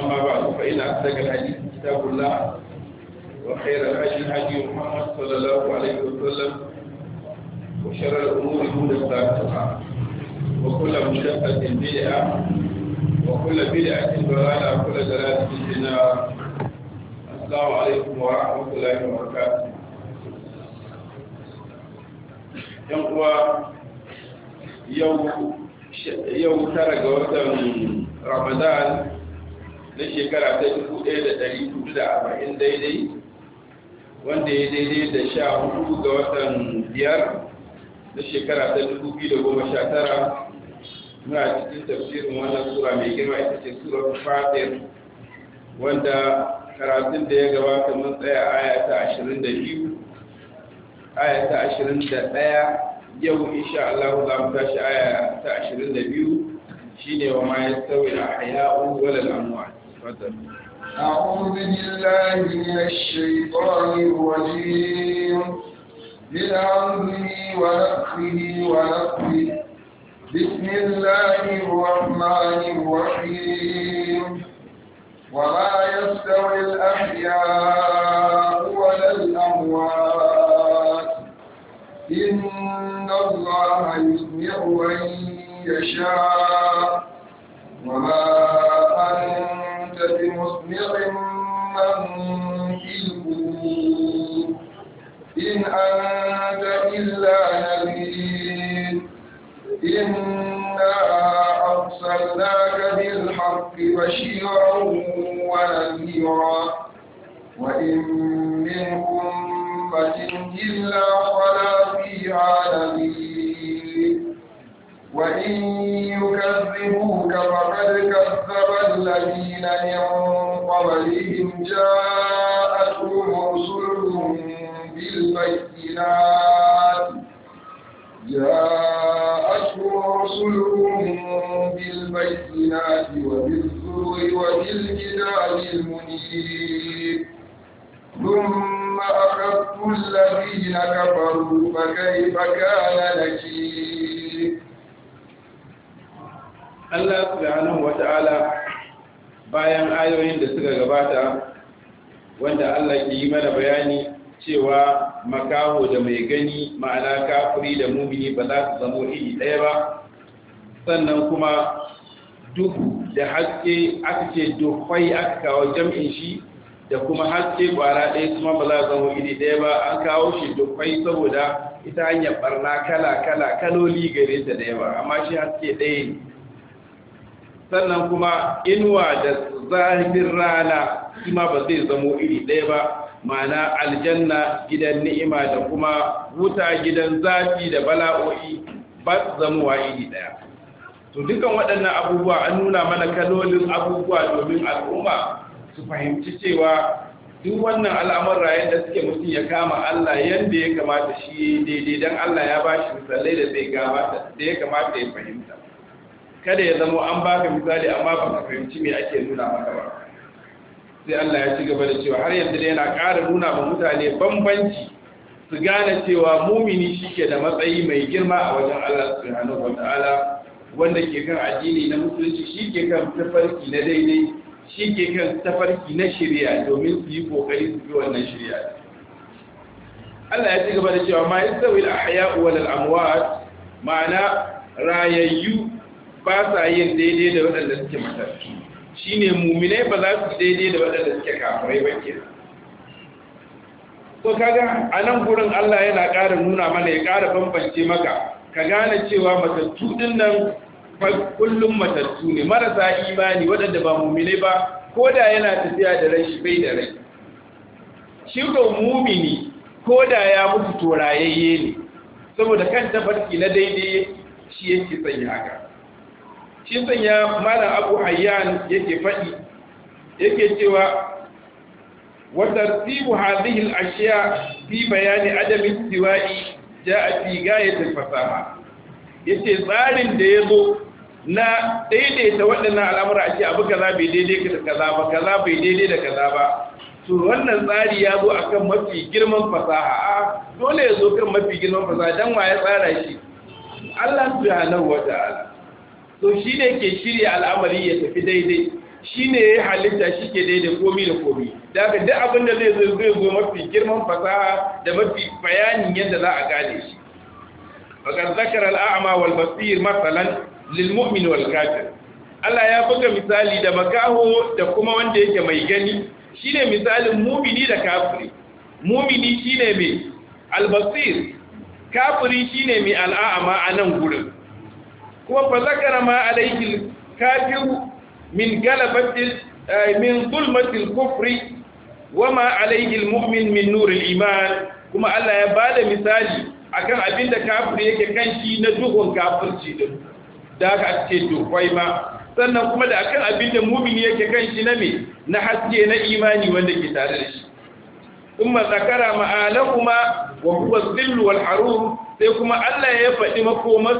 أما بعد فإن أصدق الحديث كتاب الله وخير الحديث هدي محمد صلى الله عليه وسلم وشر الأمور محدثاتها وكل محدثة بدعة وكل بدعة ضلالة وكل ضلالة في النار السلام عليكم ورحمة الله وبركاته يوم يوم يوم tara ga na shekara ta dubu ɗaya da ɗari hudu da arba'in daidai wanda ya daidai da sha hudu ga watan biyar na shekara ta dubu biyu da goma sha tara muna cikin tafsirin wannan sura mai girma ita ce sura fatir wanda karatun da ya gabata mun tsaya aya ta ashirin da biyu aya ta ashirin da ɗaya yau insha Allah za mu tashi aya ta ashirin da biyu shine wa ma yastawi al-ahya'u wal amwat أعوذ بالله من الشيطان الرجيم بأعوذه ونفخه ونفخه بسم الله الرحمن الرحيم وما يستوي الأحياء ولا الأموات إن الله يسمع من يشاء وما أنت بمسمع من إن أنت إلا نذير إنا أرسلناك بالحق بشيرا ونذيرا وإن من أمة إلا خلا فيها نذير وإن يكذبوك فقد كذب الذين من قبلهم جاءتهم رسلهم بالبينات جاءتهم رسلهم بالبينات وبالزور وبالكتاب المنير ثم أخذت الذين كفروا فكيف كان نكير Allah subhanahu ta'ala bayan ayoyin da suka gabata wanda Allah ke yi mana bayani cewa makaho da mai gani ma'ana kafiri da mumini ba za su zamo iri ɗaya ba sannan kuma duk da haske aka ce dukwai aka kawo jam'in shi da kuma haske kwara ɗaya kuma ba za su zama iri ɗaya ba an kawo shi dukwai saboda ita hanyar barna kala kala kaloli gare ta da yawa amma shi haske ɗaya sannan kuma inuwa da zafin rana kima ba zai zamo iri ɗaya ba ma'ana aljanna gidan ni'ima da kuma wuta gidan zafi da bala'o'i ba su zamowa iri ɗaya to dukan waɗannan abubuwa an nuna mana kalolin abubuwa domin al'umma su fahimci cewa duk wannan al'amurra yadda suke mutum ya kama Allah yadda ya kamata shi daidai don Allah ya ba shi misalai da zai gabata da ya kamata ya fahimta kada ya zama an baka misali amma ba ka fahimci me ake nuna maka ba sai Allah ya ci gaba da cewa har yanzu da yana ƙara nuna ba mutane bambanci su gane cewa mumini ke da matsayi mai girma a wajen Allah subhanahu ta'ala wanda ke kan addini na musulunci shi ke kan tafarki na daidai shi ke kan tafarki na shirya domin su yi kokari su bi wannan shirya Allah ya ci gaba da cewa ma yasawil ahyau wal amwat ma'ana rayayyu ba sa yin daidai da waɗanda suke matattu shi ne mummina ba za su daidai da waɗanda suke kafirai ba ke ko kaga a nan gurin Allah yana ƙara nuna mana ya ƙara bambance maka ka gane cewa matattu ɗin nan kullum matattu ne marasa imani waɗanda ba mummina ba ko da yana tafiya da rai shi bai da rai shi ko mummini ko da ya mutu to rayayye ne saboda kan tafarki na daidai shi yake sanya haka shi sanya malam abu hayyan yake faɗi yake cewa وترتيب هذه الأشياء في بيان عدم استواء جاء في غاية fasaha yace tsarin da ya zo na daidaita waɗannan al'amura a abu kaza bai daidai da kaza ba kaza bai daidai da kaza ba to wannan tsari ya zo akan mafi girman fasaha a dole ya zo kan mafi girman fasaha dan wa ya tsara shi Allah subhanahu wa ta'ala to shi ne ke shirya al'amari ya tafi daidai shi ne ya halitta shi ke daidai komi da komi da haka duk abin da zai zo zai zo mafi girman fasaha da mafi bayanin yadda za a gane shi fakar zakar al'ama wal basir masalan lilmumin wal kafir Allah ya buga misali da makaho da kuma wanda yake mai gani Shi ne misalin mumini da kafiri mumini ne mai albasir kafiri shi ne mai al'a'ama a nan gurin kuma fa zakara ma alaihi kafiru min galabatil eh, min zulmatil kufri wa ma alaihi mu'min min nuril iman kuma Allah ya bada misali akan abin da kafiri yake kan shi na duhun kafirci din da aka ce dukwai ma sannan kuma da akan abin da mumin yake kan shi na me na haske na imani wanda ke tare da shi ثم ذكر مآلهما وهو الذل والحرور sai kuma Allah ya faɗi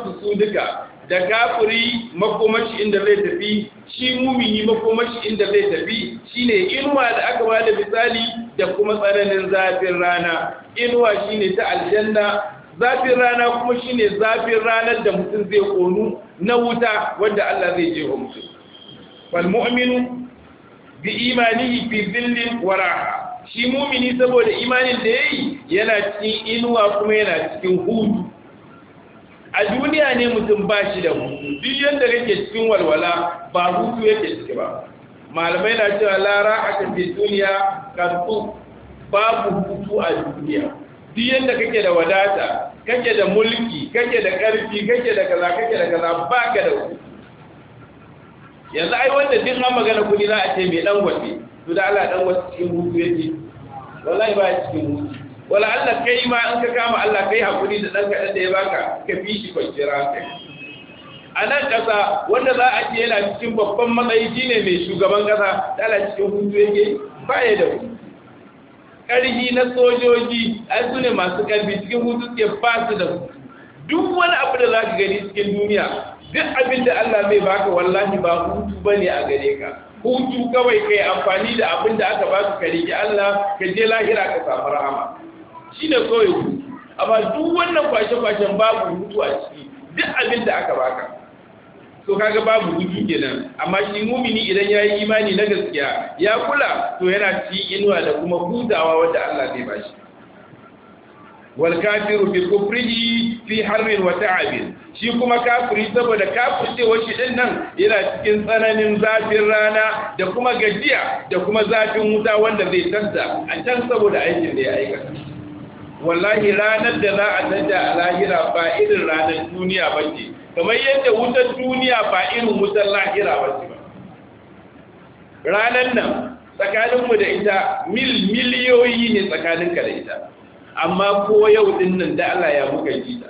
su su duka da kafiri makomashi inda zai tafi shi mumini makomashi inda zai tafi shine inuwa da aka ba da misali da kuma tsananin zafin rana inuwa shine ta aljanna zafin rana kuma shine zafin ranar da mutum zai konu na wuta wanda Allah zai je wa mutum wal mu'minu bi imanihi fi dhillin wa raha shi mumini saboda imanin da yayi yana cikin inuwa kuma yana cikin hutu a duniya ne mutum ba shi da hutu duk yadda kake cikin walwala ba hutu yake ciki ba malamai na cewa lara a fi duniya karfu babu hutu a duniya duk yadda kake da wadata kake da mulki kake da karfi kake da kaza kake da kaza ba ka da hutu yanzu ai wanda duk an magana kudi za a ce mai dan wasu, to da ala dan wasu cikin hutu yake wallahi ba cikin hutu wala Allah kai ma in ka kama Allah kai hakuri da dan da ya baka ka fi shi kwanciyar hankali a nan ƙasa wanda za a ce yana cikin babban matsayi shine mai shugaban ƙasa tana cikin hutu yake ba ya da ƙarfi na sojoji ai su ne masu ƙarfi cikin hutu suke ba su da duk wani abu da za ka gani cikin duniya duk abin da Allah mai baka wallahi ba hutu ne a gare ka hutu kawai kai amfani da abin da aka baka ka riƙe Allah ka je lahira ka samu rahama shi ne kawai ku amma duk wannan kwashe-kwashen babu mutu a ciki duk abin da aka baka so kaga babu hutu kenan amma shi mumini idan ya yi imani na gaskiya ya kula to yana ci inuwa da kuma hutawa wanda Allah zai bashi wal kafiru bi kufrihi fi harbin wa ta'abin shi kuma kafiri saboda ce wacce din nan yana cikin tsananin zafin rana da kuma gajiya da kuma zafin wuta wanda zai tanta a can saboda aikin da ya aikata wallahi ranar da za a canja a lahira ba irin ranar duniya ba ce kamar yadda wutar duniya ba irin wutar lahira ba ce ba ranar nan tsakaninmu da ita mil miliyoyi ne tsakaninka da ita amma ko yau din nan da Allah ya muka yi ta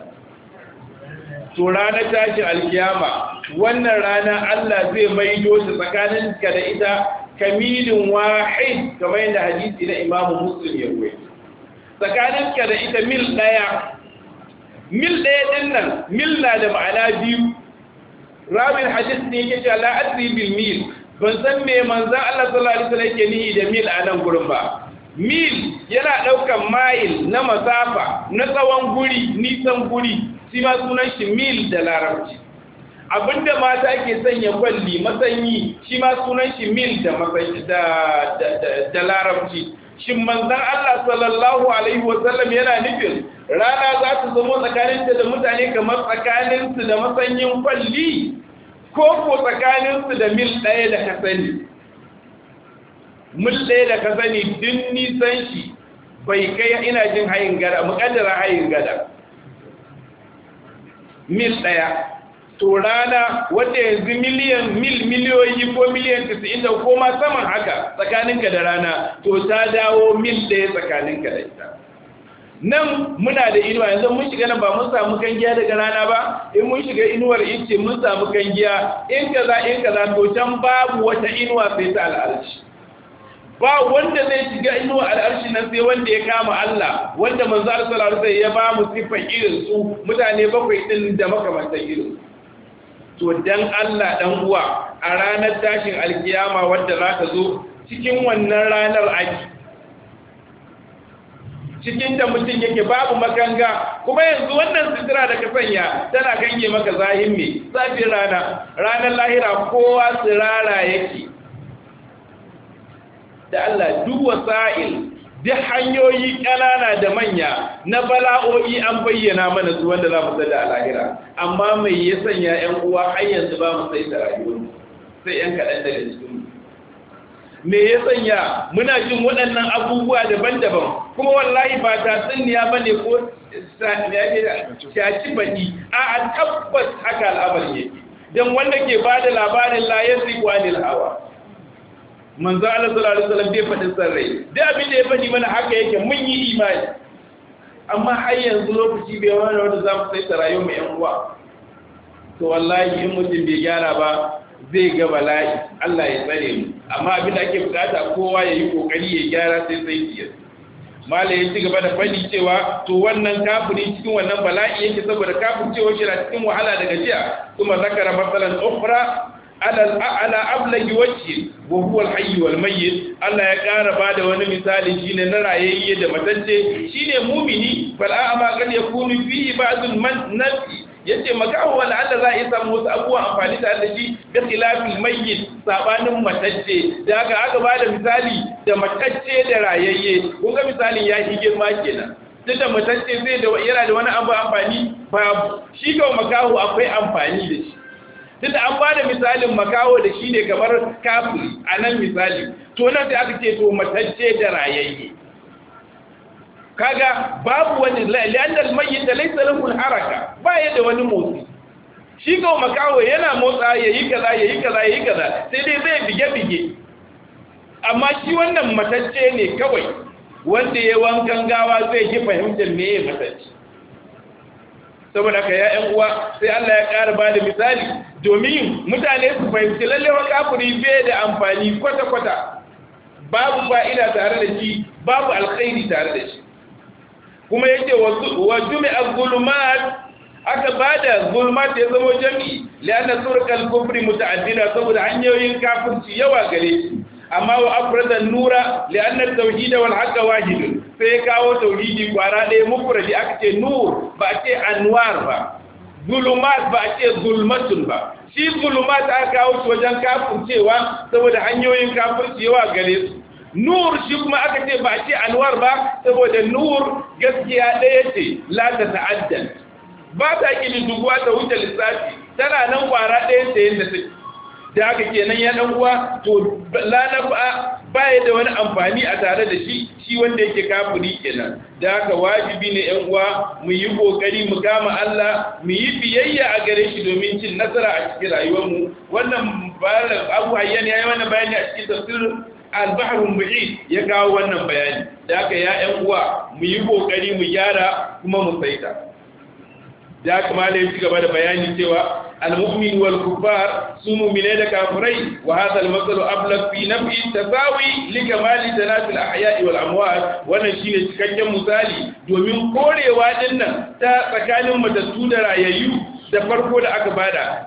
to ranar tashin alkiyama wannan rana Allah zai maido ta tsakaninka da ita kamilin wahid kamar yadda hadisi na imamu muslim ya ruwaito tsakanin da ita mil ɗaya mil ɗaya ɗin nan mil na da ma'ana biyu ramin hadis ne ya ce ala adri bil mil ban san me manzan Allah sallallahu alaihi wasallam yake nihi da mil a nan gurin ba mil yana ɗaukan mayil na masafa na tsawon guri nisan guri shi ma sunan shi mil da larabci abinda mata ke sanya kwalli masanyi shi ma sunan shi mil da larabci shin manzan Allah sallallahu alaihi wasallam yana nufin rana za ta zama tsakaninta da mutane kamar tsakaninsu da matsanyin kwalli ko ko tsakaninsu da mil ɗaya da ka sani mil ɗaya da ka sani din nisan shi bai kai ina jin hayin gada muƙaddara hayin gada mil ɗaya to rana wanda yanzu miliyan mil miliyoyi ko miliyan 90 ko ma saman haka tsakaninka da rana to ta dawo mil ɗaya tsakaninka da ita nan muna da inuwa yanzu mun shiga nan ba mun samu kangiya daga rana ba in mun shiga inuwar ice mun samu kangiya in kaza in kaza to can babu wata inuwa sai ta al'arshi ba wanda zai shiga inuwa al'arshi nan sai wanda ya kama Allah wanda manzo Allah sallallahu alaihi wasallam ya ba mu sifar irin su mutane bakwai din da makamantan irin to dan Allah dan uwa a ranar tashin alkiyama wadda za ta zo cikin wannan ranar aji cikin da mutum yake babu makanga kuma yanzu wannan sitira da ka sanya tana ganye maka zahin zafin rana ranar lahira kowa tsirara yake da Allah duk wasa'il duk hanyoyi ƙanana da manya na bala'o'i an bayyana mana su wanda za mu sada a lahira amma mai ya sanya 'yan uwa har yanzu ba mu sai da rayuwa sai 'yan kaɗan daga cikin me ya sanya muna jin waɗannan abubuwa daban-daban kuma wallahi ba ta tsinniya ba ne ko shaci baɗi a tabbas haka al'amari ne. don wanda ke ba da labarin la ya hawa manzo Allah sallallahu alaihi wasallam bai fadin sarrai da abin da ya faɗi mana haka yake mun yi imani amma har yanzu lokaci bai wani wanda za mu saita rayuwar mu yan uwa to wallahi in mutum bai gyara ba zai ga bala'i Allah ya tsare mu amma abin da ake bukata kowa ya yi kokari ya gyara sai sai ya mala ya ci gaba da fadi cewa to wannan kafiri cikin wannan bala'i yake saboda kafin cewa shi na cikin wahala daga jiya? kuma zakara matsalan ukhra ala ala ablagi wajhi wa huwa al-hayy wal mayyit Allah ya ƙara bada wani misali shine na rayayye da matacce shine mumini fal a'ma kad yakunu fihi ba'dun man nafi yace magawa wala Allah za a yi samu wasu abubuwa amfani da Allah shi da khilafil mayyit sabanin matacce da haka aka bada misali da matacce da rayayye kun ga misalin ya shi girma kenan duk da matacce zai da yana da wani abu amfani babu shi ga makahu akwai amfani da shi tunda an ba da misalin makawo da shi ne kamar kafin a nan misali to nan da aka ce to matacce da rayayye kaga babu wani la'annal mayyit laysa lahu haraka ba ya da wani motsi shi ga makawo yana motsa yayi kaza yayi kaza yayi kaza sai dai zai bige bige amma shi wannan matacce ne kawai wanda ya wankan gawa zai yi fahimtar me ya matacce saboda ka ya ƴan uwa sai Allah ya ƙara ba da misali domin mutane su fahimci lalle wa kafiri bai da amfani kwata kwata babu fa'ida tare da shi babu alkhairi tare da shi kuma yake wa a zulumat aka ba da zulmat ya zama jami'i la'anna turkal kufri muta'addida saboda hanyoyin kafirci yawa gare shi amma wa afrada nura li'anna at-tauhid wal haqq wahid sai kawo tauhidi kwara ɗaya mufradi aka ce nur ba a ce anwar ba zulumat ba a ce zulmatun ba shi zulumat aka kawo shi wajen cewa, saboda hanyoyin kafin kafircewa gare su nur shi kuma aka ce ba a ce anwar ba saboda nur gaskiya ɗaya ce la ta ta'addal ba ta kili duguwa ta wuce lissafi tana nan kwara ɗaya ta yadda take da aka kenan ya dan uwa to ba baya da wani amfani a tare da shi shi wanda yake kafiri kenan da haka wajibi ne yan uwa mu yi kokari mu kama Allah mu yi biyayya a gare shi domin cin nasara a cikin rayuwar mu wannan bayan Abu Hayyan yayi wannan bayani a cikin Al-Bahr al mu'in ya kawo wannan bayani da haka ya yan uwa mu yi kokari mu gyara kuma mu saita da haka mala ya ci gaba da bayani cewa al-mu'min wal su mu'mine da kafirai wa hadha al-masalu ablaq fi nafi tasawi li kamali tanat al-ahya'i wal amwat wannan shine cikakken misali domin korewa dinnan ta tsakanin matattu da rayayyu da farko da aka bada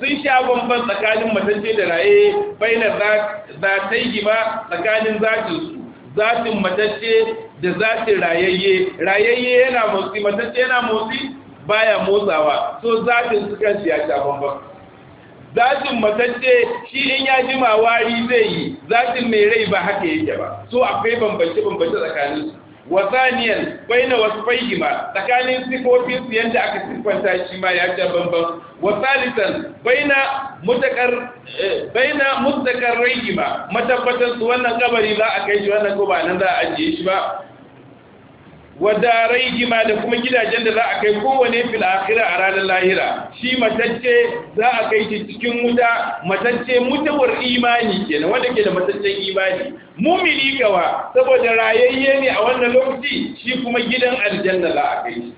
sun sha bamban tsakanin matacce da raye baina zatai gima tsakanin zatin su zatin matacce da zatin rayayye rayayye yana motsi matacce yana motsi baya motsawa so zafin su kansu ya sha bambam zafin matacce shi in ya jima wari zai yi zafin mai rai ba haka yake ba so akwai bambance bambance tsakanin su wasaniyan baina ma tsakanin sifofin su yadda aka siffanta shi ma ya sha bambam wasalisan baina mutakar eh, baina mutakarrihima matabbatan su wannan kabari za a kai shi wannan ko ba nan za a ajiye shi ba wa darayhima da kuma gidajen da za a kai kowane fil akhirah a ranar lahira shi matacce za a kai shi cikin wuta matacce mutuwar imani kenan wanda ke da mataccen imani mumini gawa saboda rayayye ne a wannan lokaci shi kuma gidan aljanna za a kai shi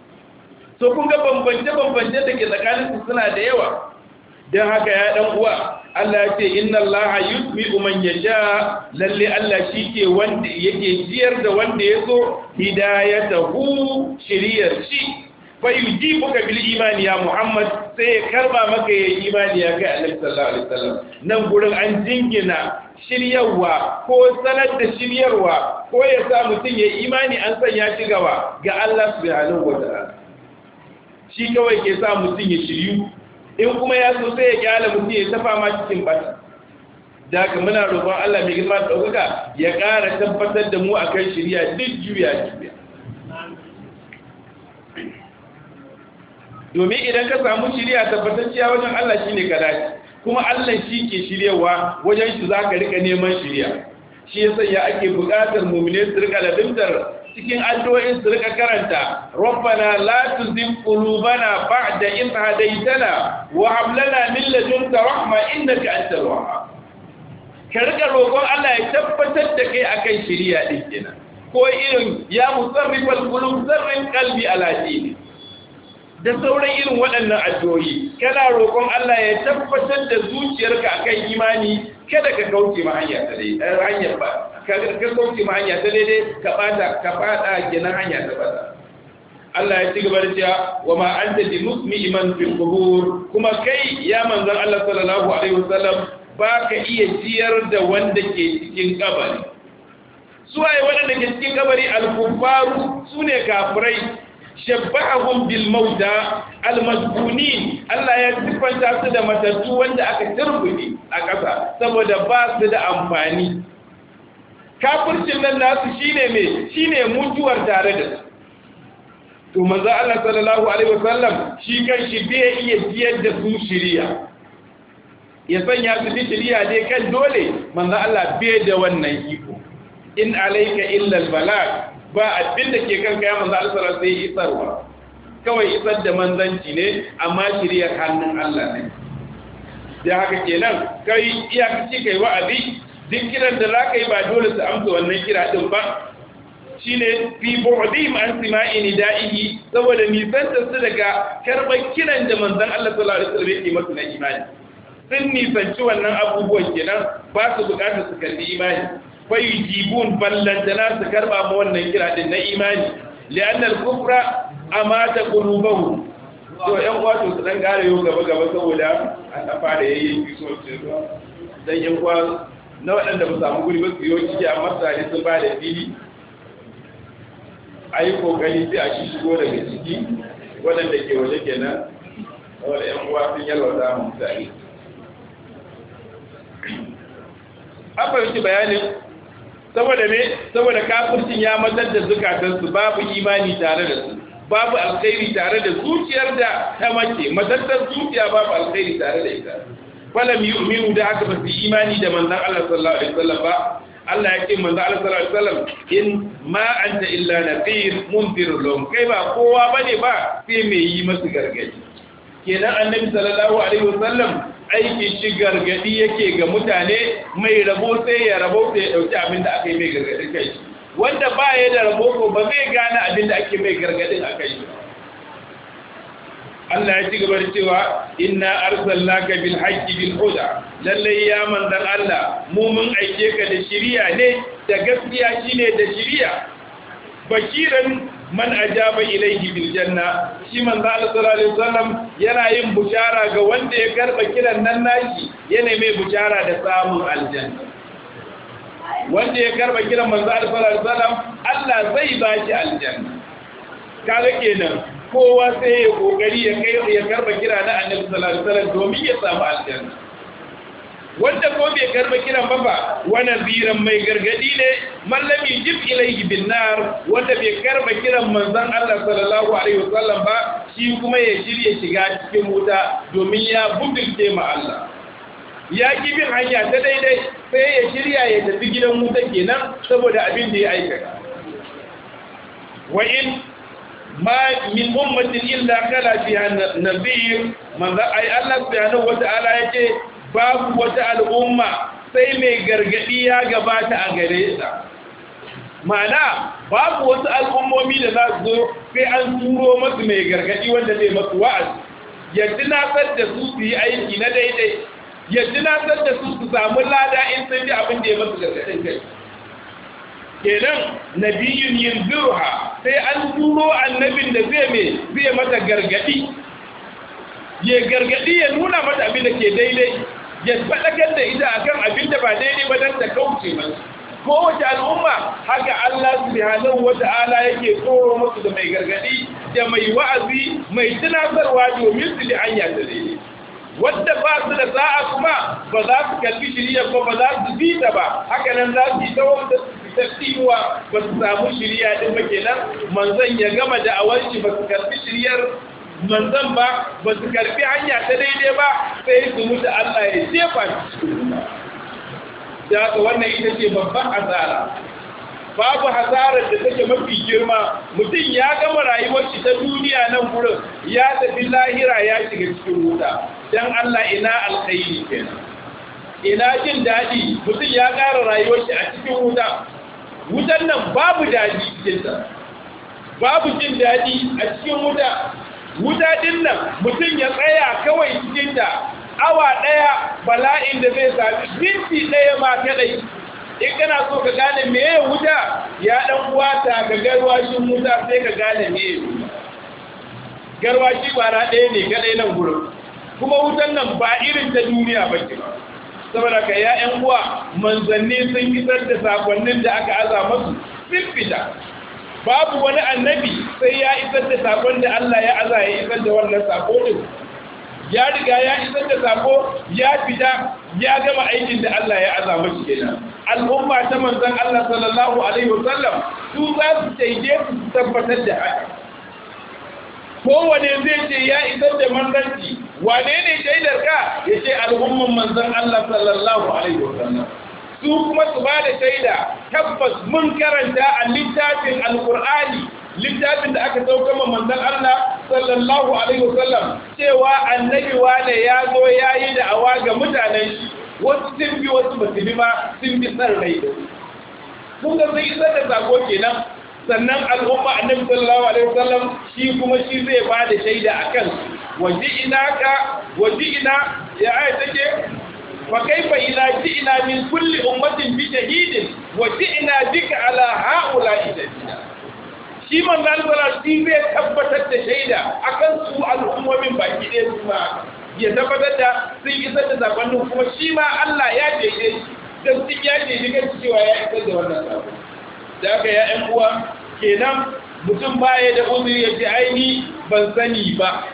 so kun ga bambance bambance da ke tsakanin su suna da yawa don haka ya dan uwa Allah ya ce inna Allah yutmi man yasha lalle Allah shike wanda yake jiyar da wanda ya yaso hidayatahu shiriyar shi fa ka bil imani ya Muhammad sai ya karba maka ya imani ya kai Annabi sallallahu alaihi wasallam nan gurin an jingina shiryarwa ko sanar da shiryarwa ko ya sa mutum ya imani an sanya shiga gaba ga Allah subhanahu wa ta'ala shi kawai ke sa mutum ya shiryu in kuma ya so sai ya kyala mutum ya tafa ma cikin bata da ka muna roƙon Allah mai girma da ɗaukaka ya ƙara tabbatar da mu akan shirya duk juya juya domin idan ka samu shirya ciya wajen Allah shi ne ka dace kuma Allah shi ke shiryawa wajen shi za ka rika neman shirya shi ya sanya ake buƙatar mummune su rika cikin addu'o'in su rika karanta rabbana la tuzigh qulubana ba'da in hadaytana wa hab lana min ladunka rahma innaka antal ka rika roƙon Allah ya tabbatar da kai akan shari'a din kenan ko irin ya musarrifal qulub zarrin qalbi ala dini da sauran irin waɗannan addu'o'i kana roƙon Allah ya tabbatar da zuciyarka akan imani kada ka kauce ma hanyar ba ka ka ma hanya ta daidai ka bata ka fada gina hanya ta bata Allah ya ci gaba da cewa wa ma anta bi musmi'man fil qubur kuma kai ya manzon Allah sallallahu alaihi wasallam ba ka iya jiyar da wanda ke cikin kabari suwaye waɗanda ke cikin kabari al-kuffaru sune kafirai shabbahum bil mauta al masbunin Allah ya sifanta su da matattu wanda aka turbude a ƙasa saboda ba su da amfani kafircin nan nasu shine shine mutuwar tare da su to manzo Allah sallallahu alaihi wasallam shi kan shi bai iya biyar da su shiriya ya sanya su bi shiriya dai kan dole manzo Allah bai da wannan iko in alayka illa albalag ba abinda da ke kanka ya manzo Allah sallallahu alaihi isarwa kawai isar da manzanci ne amma shiriyar hannun Allah ne da haka kenan kai iya kaci kai wa'azi duk kiran da za ka yi ba dole su amsa wannan kira ɗin ba shi ne fi bu'adim an sima'i da'ihi saboda nisanta su daga karɓar kiran da manzon Allah sallallahu alaihi wasallam yake masa na imani sun nisanci wannan abubuwan kenan ba su bukata su kalli imani fa yujibun ballantana su karba ma wannan kira din na imani li'anna al-kufra amata qulubahu to ƴan uwa su dan gare yau gaba gaba saboda an fara yayyin kiso dan ƴan uwa. na waɗanda ba samu guri ba su yi ciki masu tsari sun ba da fili a yi kokari sai a shigo daga ciki waɗanda ke waje kenan wani yan uwa sun za mu tsari an fahimci bayanin saboda me saboda kafircin ya matar da zukatansu babu imani tare da su babu alkhairi tare da zuciyar da ta mace matattar zuciya babu alkhairi tare da ita falam yu'minu da aka basu imani da manzon Allah sallallahu alaihi wasallam ba Allah ya ce manzon Allah sallallahu alaihi wasallam in ma anta illa naqir munzir lahum kai ba kowa bane ba sai mai yi masu gargadi kenan annabi sallallahu alaihi wasallam aiki shi gargadi yake ga mutane mai rabo sai ya rabo sai ya dauki abin da aka yi mai gargadin kai wanda ba ya da rabo ko ba zai gane abin da ake mai gargadin akai ba Allah ya ci gaba da cewa inna arsalnaka bil haqqi bil huda lalle ya manzan Allah mu mun aike ka da shiriya ne da gaskiya shine da shiriya bashiran man ajaba ilayhi bil janna shi manzan Allah sallallahu alaihi wasallam yana yin bushara ga wanda ya karba kiran nan naki yana mai bushara da samun aljanna wanda ya karba kiran manzan Allah sallallahu alaihi wasallam Allah zai ba shi aljanna kaga kenan kowa sai ya kogari ya kai ya karba kira na annabi sallallahu alaihi domin ya samu aljanna wanda ko bai karba kiran ba ba wannan ziran mai gargadi ne Mallami Jib ilayhi bin nar wanda bai karba kiran manzon Allah sallallahu alaihi wasallam ba shi kuma ya shirye shiga cikin wuta domin ya bubulce ma Allah ya ki bin hanya ta daidai sai ya shirya ya tafi gidan wuta kenan saboda abin da ya aikata wa in ma min ummatin illa kala fiha nabiyyu manzo ai Allah subhanahu wata'ala yake babu wata al'umma sai mai gargadi ya gabata a gare ta mana babu wasu al'ummomi da za su zo sai an turo masu mai gargadi wanda zai masu wa'azi Yanzu na san da su su yi aiki na daidai Yanzu na san da su su samu lada in sun ji abin da ya masu gargadin kai kenan nabiyun yunziruha sai an turo annabin da zai mai zai mata gargadi ya gargadi ya nuna mata abin da ke daidai ya faɗakar da ita akan abin da ba daidai ba don ta kauce masu, kowace al'umma haka Allah subhanahu wata'ala yake tsoro musu da mai gargadi da mai wa'azi mai tunatarwa domin su hanya da daidai wadda ba su da za'a kuma ba za su kalli shirya ko ba za su bi ta ba haka nan za su yi ta taqiwa ba su samu shirya din ba kenan manzon ya gama da awanci ba su karbi shiryar manzon ba ba su karbi hanya ta daidai ba sai su mutu Allah ya jefa da haka wannan ita ce babban azara babu hasarar da take mafi girma mutum ya gama rayuwar shi ta duniya nan gurin ya tafi lahira ya shiga cikin wuta dan Allah ina alkhairi kenan ina jin daɗi mutum ya ƙara rayuwar shi a cikin wuta wutan nan babu daɗi cikinta babu jin daɗi a cikin wuta wuta din nan mutum ya tsaya kawai cikinta awa ɗaya bala'in da zai sami minti ɗaya ma kaɗai in kana so ka gane meye wuta ya ɗan uwata ga garwashin wuta sai ka gane meye garwashi bara ɗaya ne kaɗai nan gurin kuma wutan nan ba irin ta duniya ba ke. saboda ka ya ƴan uwa manzanni sun isar da sakonnin da aka aza masu sun fita babu wani annabi sai ya isar da sakon da Allah ya aza ya isar da wannan sako din ya riga ya isar da sako ya fita ya gama aikin da Allah ya aza masu kenan al'umma ta manzan Allah sallallahu alaihi wasallam su za su daidai su tabbatar da haka kowane zai ce ya isar da manzanci wane ne shaidar ka ya ce al'ummar manzan Allah sallallahu alaihi su kuma su ba da shaida tabbas mun karanta a littafin alkur'ani littafin da aka sauka ma manzan Allah sallallahu alaihi cewa annabi wane ya zo ya yi awa ga mutanen shi wasu sun bi wasu ba su bi sun bi rai da su kun ga isar da sako kenan sannan al'umma annabi sallallahu alaihi wasallam shi kuma shi zai ba da shaida akan waje ina ka waji ina ya ai take fa kaifa ila ina min kulli ummatin bi shahidin Waje ina bika ala haula shahida shi manzo sallallahu shi zai tabbatar da shaida akan su al'ummomin baki ɗaya su ma ya tabbatar da sun isar da zaɓen kuma shi ma Allah ya jeje don sun ya jeje kan cewa ya isar da wannan zaɓen da aka yi ‘yan uwa kenan mutum baya da uzuri ya ce aini ban sani ba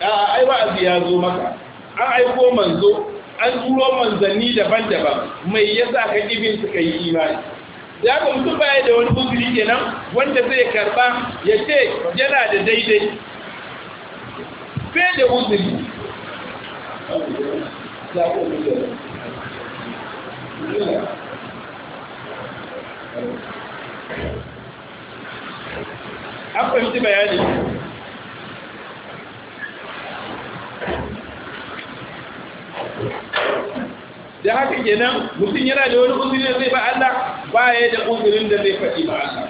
a aiwa wa'azi ya zo maka an aiko manzo an turo manzanni daban-daban mai yasa ka ibin ka yi imani da aka mutum baya da wani ke kenan wanda zai karba ya ce yana da daidai sai da uzuri Yeah. an fahimci bayani da haka kenan mutum yana da wani uzuri da zai ba Allah ba ya da uzurin da zai faɗi ma Allah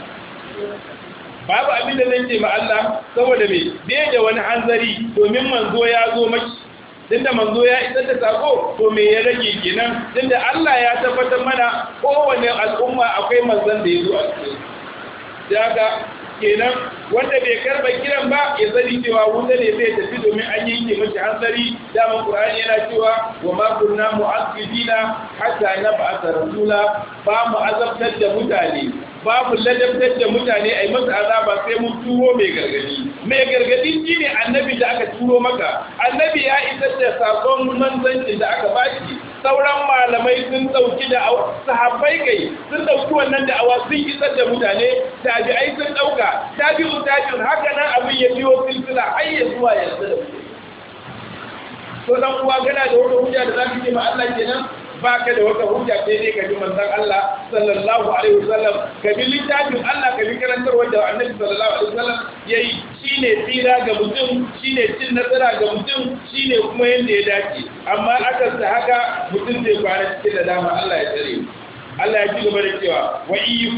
babu abin da zai ce ma Allah saboda mai bai da wani hanzari domin manzo ya zo maki tunda manzo ya isar da sako to me ya rage kenan tunda Allah ya tabbatar mana kowane al'umma akwai manzon da yazo zo a cikin daga kenan wanda bai karba kiran ba ya sani cewa wuta ne zai tafi domin an yanke mashi hanzari dama qur'ani yana cewa wa ma kunna mu'azzibina hatta nab'atha rasula ba mu azabtar da mutane babu ladabtar da mutane a masa azaba sai mun turo mai gargadi mai gargadi shi ne annabi da aka turo maka annabi ya isar da sakon manzancin da aka baki sauran malamai sun dauki da sahabbai kai sun dauki wannan da awa sun isar da mutane tabi'ai sun dauka tabi'u tabi'u haka nan abin ya biyo silsila har ya zuwa yanzu da to dan uwa gana da wata hujja da zaka ce ma Allah kenan ba ka da wata hujja sai dai ka bi manzon Allah sallallahu alaihi wasallam ka bi littafin Allah ka bi karantar wanda annabi sallallahu alaihi wasallam yayi shine tsira ga mutum shine cin nasara ga mutum shine kuma yanda ya dace amma akan sa haka mutum zai fara cikin da dama Allah ya tsare Allah ya ji gaba da cewa wa iyu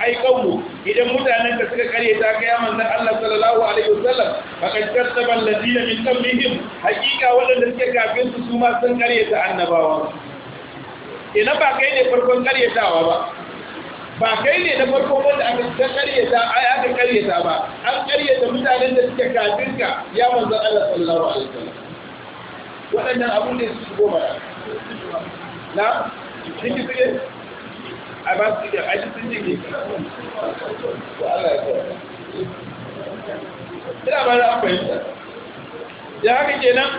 ai kawu idan mutanen da suka kare ta ga manzon Allah sallallahu alaihi wasallam faqad kadzaba alladina min qablihim haqiqa wadanda suke kafin su su ma sun kare ta annabawa ina ba kai ne farkon karyatawa ba ba kai ne na farko wanda aka ta karyata ai aka karyata ba an karyata mutanen da suke kafin ka ya manzo Allah sallallahu alaihi wasallam waɗannan abun da su goma na kike kike a ba su da aji sun jike Allah ya kawo ina ba da fahimta da haka kenan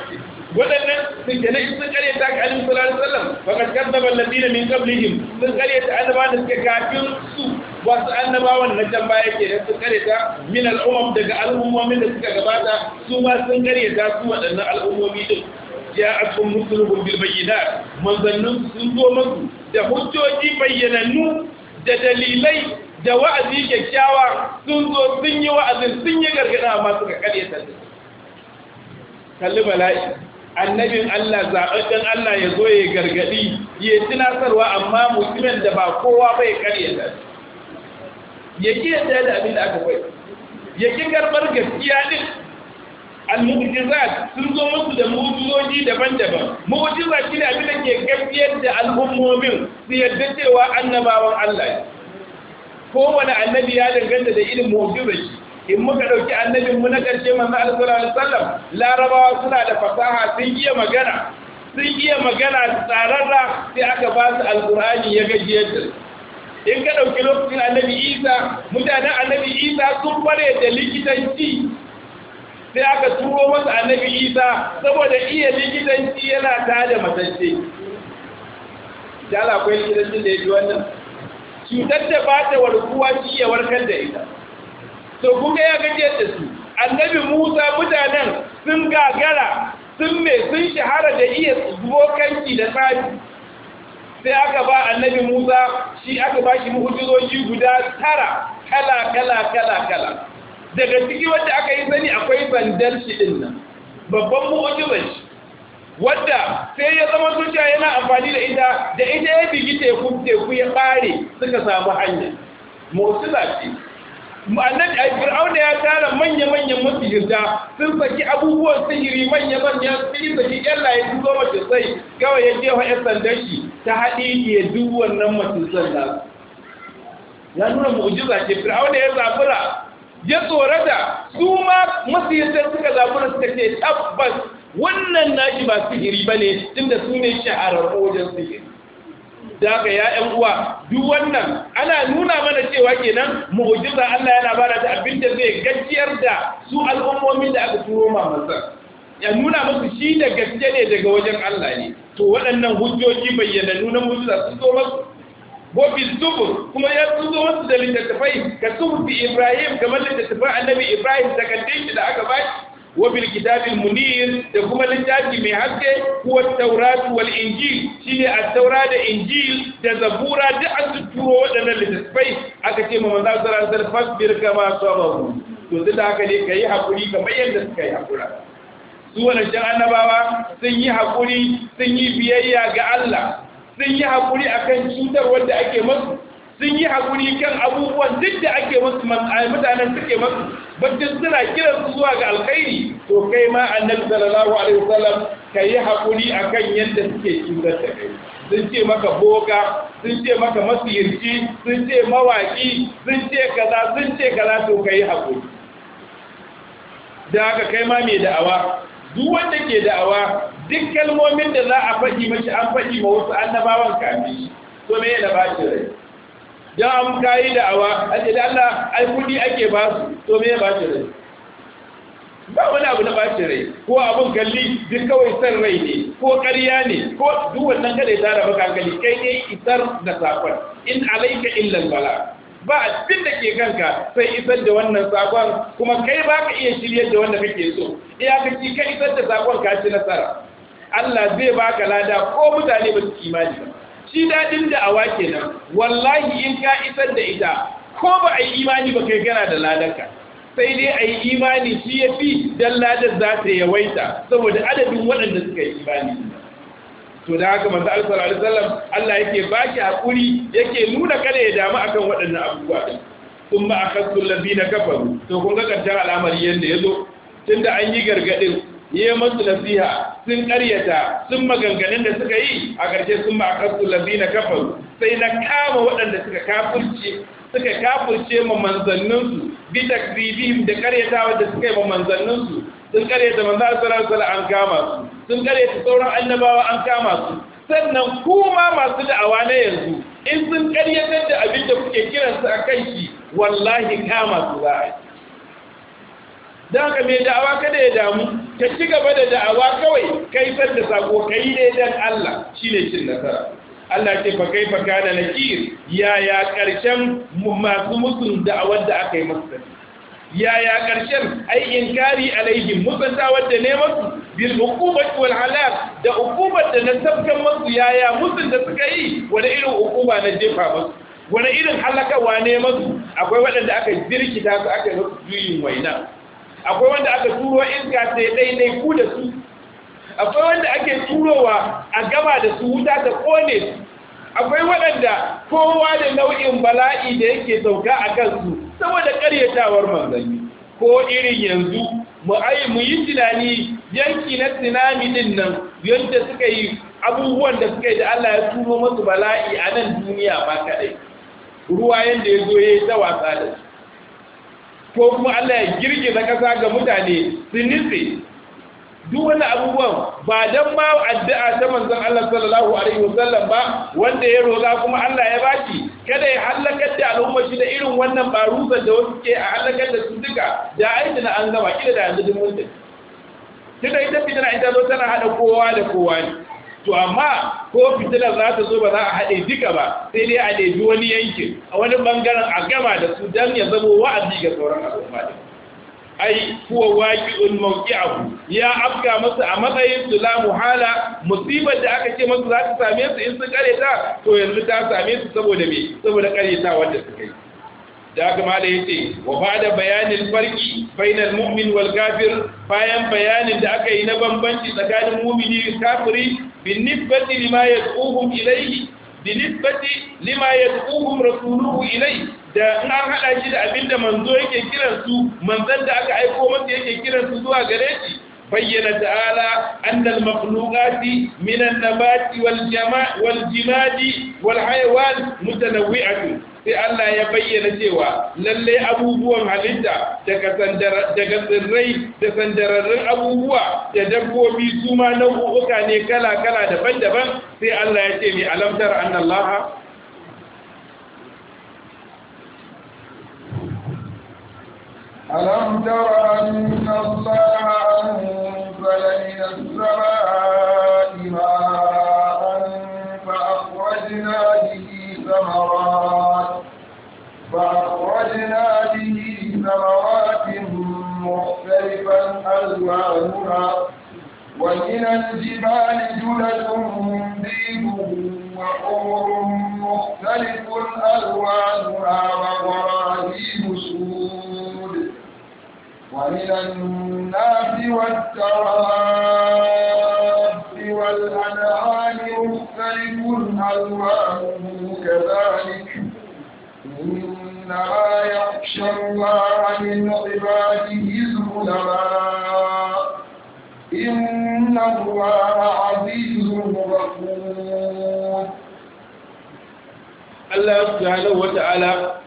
waɗannan suke na sun karyata ta ga annabi sallallahu alaihi wasallam faqad kadzaba alladina min qablihim sun kare ta da suke kafin su wasu annabawan na can baya ke sun kare ta min al'umam daga al'ummomin da suka gabata su ma sun kare ta su waɗannan al'ummomi din ya akum musulukum bil bayyinat manzannin sun zo musu da hujjoji bayyanannu da dalilai da wa'azi kyakkyawa sun zo sun yi wa'azin sun yi gargada masu ka karyata kalli bala'i annabin Allah zaɓaɓɓen Allah ya zo ya gargaɗi ya tunasarwa amma musulman da ba kowa bai karye da ya ƙi yadda da abin da aka kwai. ya ƙi karɓar gaskiya ɗin al-mu'jizat sun zo musu da mu'jizoji daban-daban mu'jiza shi ne abin da ke gaskiyar da al'ummomin su yadda cewa annabawan Allah kowane annabi ya danganta da irin mu'jizar shi in muka dauki annabin mu na karshe manzo Allah sallallahu alaihi wasallam larabawa suna da fasaha sun iya magana sun iya magana tsararra sai aka ba su alqur'ani ya gajiyar da in ka dauki lokacin annabi Isa mutanen annabi Isa sun bare da likitanci sai aka turo masa annabi Isa saboda iya likitanci yana tada matacce da akwai likitancin da ya ji wannan cutar da ba ta warkuwa shi ya warkar da ita to kuka ya gaje da su annabi musa mutanen sun gagara sun mai sun shahara da iya bokanci da tsari sai aka ba annabi musa shi aka ba shi muhujizoji guda tara kala kala kala kala daga ciki wadda aka yi sani akwai bandar shi din nan babban mu'ujizar shi wadda sai ya zama zuciya yana amfani da ita da ita ya bigi teku teku ya bare suka samu hanya mu'ujiza ce annabi ai fir'auna ya tara manya-manyan yadda sun saki abubuwan sihiri manya-manyan sun saki yalla ya dubo mace sai kawai ya jefa ya sandan shi ta haɗi ya duk wannan mace sanda ya nuna mu'jiza ce fir'auna ya zabura ya tsorata su ma yadda suka zabura suka ce tabbas wannan nashi ba sihiri tun tunda su ne rarrawar wajen sihiri daga ya ƴan uwa duk wannan ana nuna mana cewa kenan mu'jiza Allah yana bada ta abin da zai gajiyar da su al'ummomin da aka turo ma manzon ya nuna musu shi da gaske ne daga wajen Allah ne to waɗannan hujjoji bayyana nuna mu'jiza su zo masu bi zubur kuma ya zo musu da littattafai ka sufi ibrahim kamar littattafan annabi ibrahim takardun da aka bashi wa bil kitabil da kuma littafi mai haske huwa taurat wal injil shine at-taura da injil da zabura da an turo waɗannan littattafai aka ce ma manzo sallallahu alaihi wasallam fasbir kama sabaru da haka ne kai hakuri kamar yadda suka yi hakura su wannan annabawa sun yi hakuri biyayya ga Allah sun yi hakuri akan cutar wanda ake masu sun yi haƙuri kan abubuwan duk da ake musu mutanen suke masu baccin suna kiran su zuwa ga alkhairi to kai ma annabi sallallahu alaihi wasallam ka yi haƙuri akan yadda suke cutar da kai sun ce maka boka sun ce maka masiyirci sun ce mawaki sun ce kaza sun ce kaza to ka yi haƙuri da haka kai ma mai da'awa duk wanda ke da'awa duk kalmomin da za a faɗi mashi an faɗi ma wasu annabawan kafin to me ya da ba shi rai don an kayi da'awa a ce da Allah ai kudi ake ba su to me ba shi rai ba wani abu na bashi rai ko abun kalli duk kawai san rai ne ko ƙarya ne ko duk wannan kada ya tara maka hankali kai ne isar da sakon in alaika illan bala ba abin da ke kanka sai isar da wannan sakon kuma kai ba ka iya shiryar da wanda kake so iyakaci ka isar da sakon ka ci nasara Allah zai baka lada ko mutane ba su imani ba shi daɗin awa kenan wallahi in ka isar da ita ko ba a yi imani ba kai gana da ladanka sai dai a yi imani shi ya fi don ladar za ta yawaita saboda adadin waɗanda suka yi imani to da haka manzo Allah sallallahu Allah yake baki hakuri yake nuna kada ya damu akan waɗannan abubuwa din kuma akhadtu na kafaru to kun ga karshen al'amari yanda yazo tunda an yi gargadin yi masu lafiya sun karyata sun maganganun da suka yi a ƙarshe sun ma'akasu na kafar sai na kama waɗanda suka kafurce suka kafurce ma manzanninsu bi takzibihim da karyata wadda suka yi ma manzanninsu sun karyata a sallallahu alaihi an kama su sun karyata sauran annabawa an kama su sannan kuma masu da'awa na yanzu in sun karyatar da abin da kuke kiransu a kan shi wallahi kama su za a yi don haka mai da'awa kada ya damu ka ci gaba da da'awa kawai kai san da sako kai ne dan Allah shine cin nasara Allah ce fa kai fa kana nakir ya ya karshen masu musun da'awar da aka yi masa ya ya karshen ai inkari alaihim musanta wadda ne masu bil hukumat wal halak da hukumar da na sabkan masu ya ya musun da suka yi wani irin hukuma na jefa masu wani irin halakawa ne masu akwai waɗanda aka jirkita su aka yi masu juyin waina akwai wanda aka turo iska sai daidai ku da su akwai wanda ake turowa a gama da su wuta ta kone su akwai waɗanda kowa da nau'in bala'i da yake sauka a kansu saboda ƙaryatawar manzanni ko irin yanzu mu yi tunani yanki na tsunami din nan yadda suka yi abubuwan da suka yi da Allah ya turo masu bala'i a nan duniya ba kaɗai ruwa yadda ya zo ya yi ta wasa da su ko kuma Allah ya girge girgiza kasa ga mutane su nitse duk wani abubuwan ba dan ma addu'a ta manzon Allah sallallahu alaihi wasallam ba wanda ya roƙa kuma Allah ya baki kada ya halakar da al'umma shi da irin wannan barusa da wasu ke a halakar da su duka da aiki an gama kida da yanzu duk mun tunda ita fitina ita zo tana hada kowa da kowa ne to amma ko fitilar za ta zo ba za a haɗe duka ba sai dai a ɗebi wani yankin a wani ɓangaren a gama da su dan ya zama wa'azi ga sauran al'umma da ai kuwa waƙi'un mawqi'ahu ya afka masa a matsayin su la muhala musibar da aka ce masu za ta same su in su kare ta to yanzu ta same su saboda me saboda kare ta wanda suka yi da aka mala ya ce wa bada bayanin farki bainal mu'min wal kafir bayan bayanin da aka yi na bambanci tsakanin mu'mini kafiri bin nisbati lima yad'uhum ilayhi bin nisbati lima yad'uhum rasuluhu ilayhi da in an hada shi da abinda manzo yake kiran su manzon da aka aiko masa yake kiran su zuwa gare shi bayyana ta'ala annal makhluqati min an-nabati wal jama' wal jimadi wal hayawan mutanawwi'atun sai Allah ya bayyana cewa lallai abubuwan halitta daga tsirrai da sandararrun abubuwa da dabbobi su ma nau'uka ne kala-kala daban-daban sai Allah ya ce mai alamtar annallaha ألم تر أن الله أنزل من السماء ماء فأخرجنا به الثمرات فأخرجنا به ثمرات مختلفا ألوانها ومن الجبال جلد ديب وحور مختلف ألوانها وغرائب سود ومن الناس والتراب والأنعام مختلف ألوانه كذلك إنما يخشى الله من عباده العلماء إن الله عزيز غفور Allah subhanahu wa ta'ala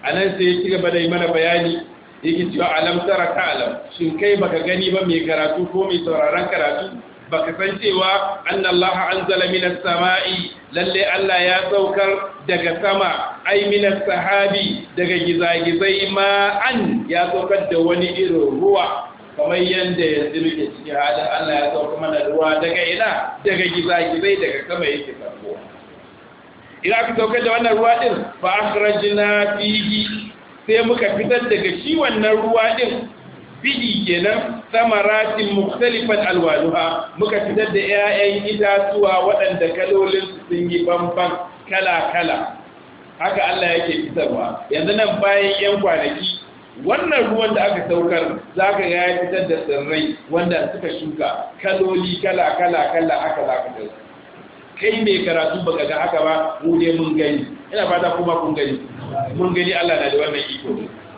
a nan sai ya ci gaba da yi mana bayani yake cewa alam tara ka alam shin kai baka gani ba mai karatu ko mai sauraron karatu baka san cewa annallaha anzala minas sama'i lalle Allah ya saukar daga sama ai minas sahabi daga gizagizai ma'an ya saukar da wani irin ruwa kamar yadda ya muke cikin halin Allah ya saukar mana ruwa daga ina daga gizagizai daga sama yake sauko ina ka saukar da wannan ruwa din fa akhrajna fihi sai muka fitar daga shi wannan ruwa din bihi kenan samaratin mukhtalifan alwanuha muka fitar da 'ya'yan itatuwa waɗanda kalolin sun yi bamban kala-kala haka Allah yake fitarwa yanzu nan bayan 'yan kwanaki wannan ruwan da aka saukar za ka ga ya fitar da tsirrai wanda suka shuka kaloli kala-kala-kala haka za ka kai mai karatu baka ga haka ba mu dai mun gani ina fata kuma kun gani mun gani Allah na da wannan iko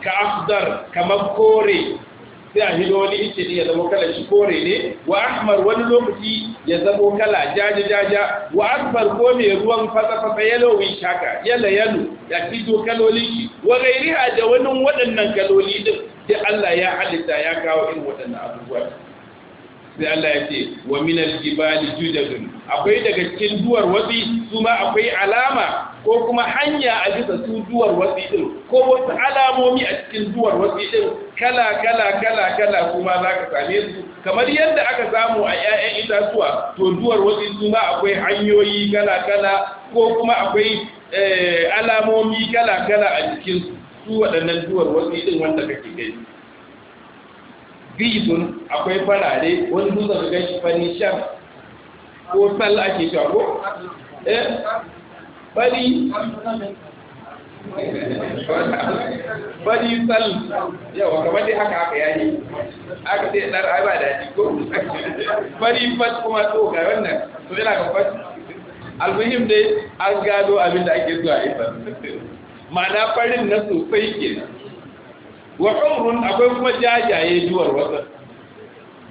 ka afdar kamar kore sai a hido wani ice ne ya zama kala shi kore ne wa ahmar wani lokaci ya zama kala jaja jaja wa akbar ko me ruwan fasa fasa yalo wi shaka yala yalo ya fito kaloli shi wa gairiha da wani waɗannan kaloli din sai Allah ya halitta ya kawo irin waɗannan abubuwa sai Allah ya ce wa minal jibali judadun akwai daga cikin duwar wasi su ma akwai alama ko kuma hanya a bisa su duwar wasi din ko wasu alamomi a cikin duwar wasi din kala kala kala kala kuma za ka same su kamar yadda aka samu a 'ya'yan itatuwa to duwar wasi su ma akwai hanyoyi kala kala ko kuma akwai eh, alamomi kala kala a jikin su waɗannan duwar wasi din wanda kake gani gizun akwai farare wani dutse ga gashi shi fari shan ko sallah ake cewa eh fari fari sal yawa kamar dai haka haka yayi aka ce dar ai ba daɗi ko fari fat kuma to ga wannan to yana ga fat almuhim dai an gado abin da ake zuwa isa ma'ana farin na sosai kenan wa umrun akwai kuma jajaye duwar wasa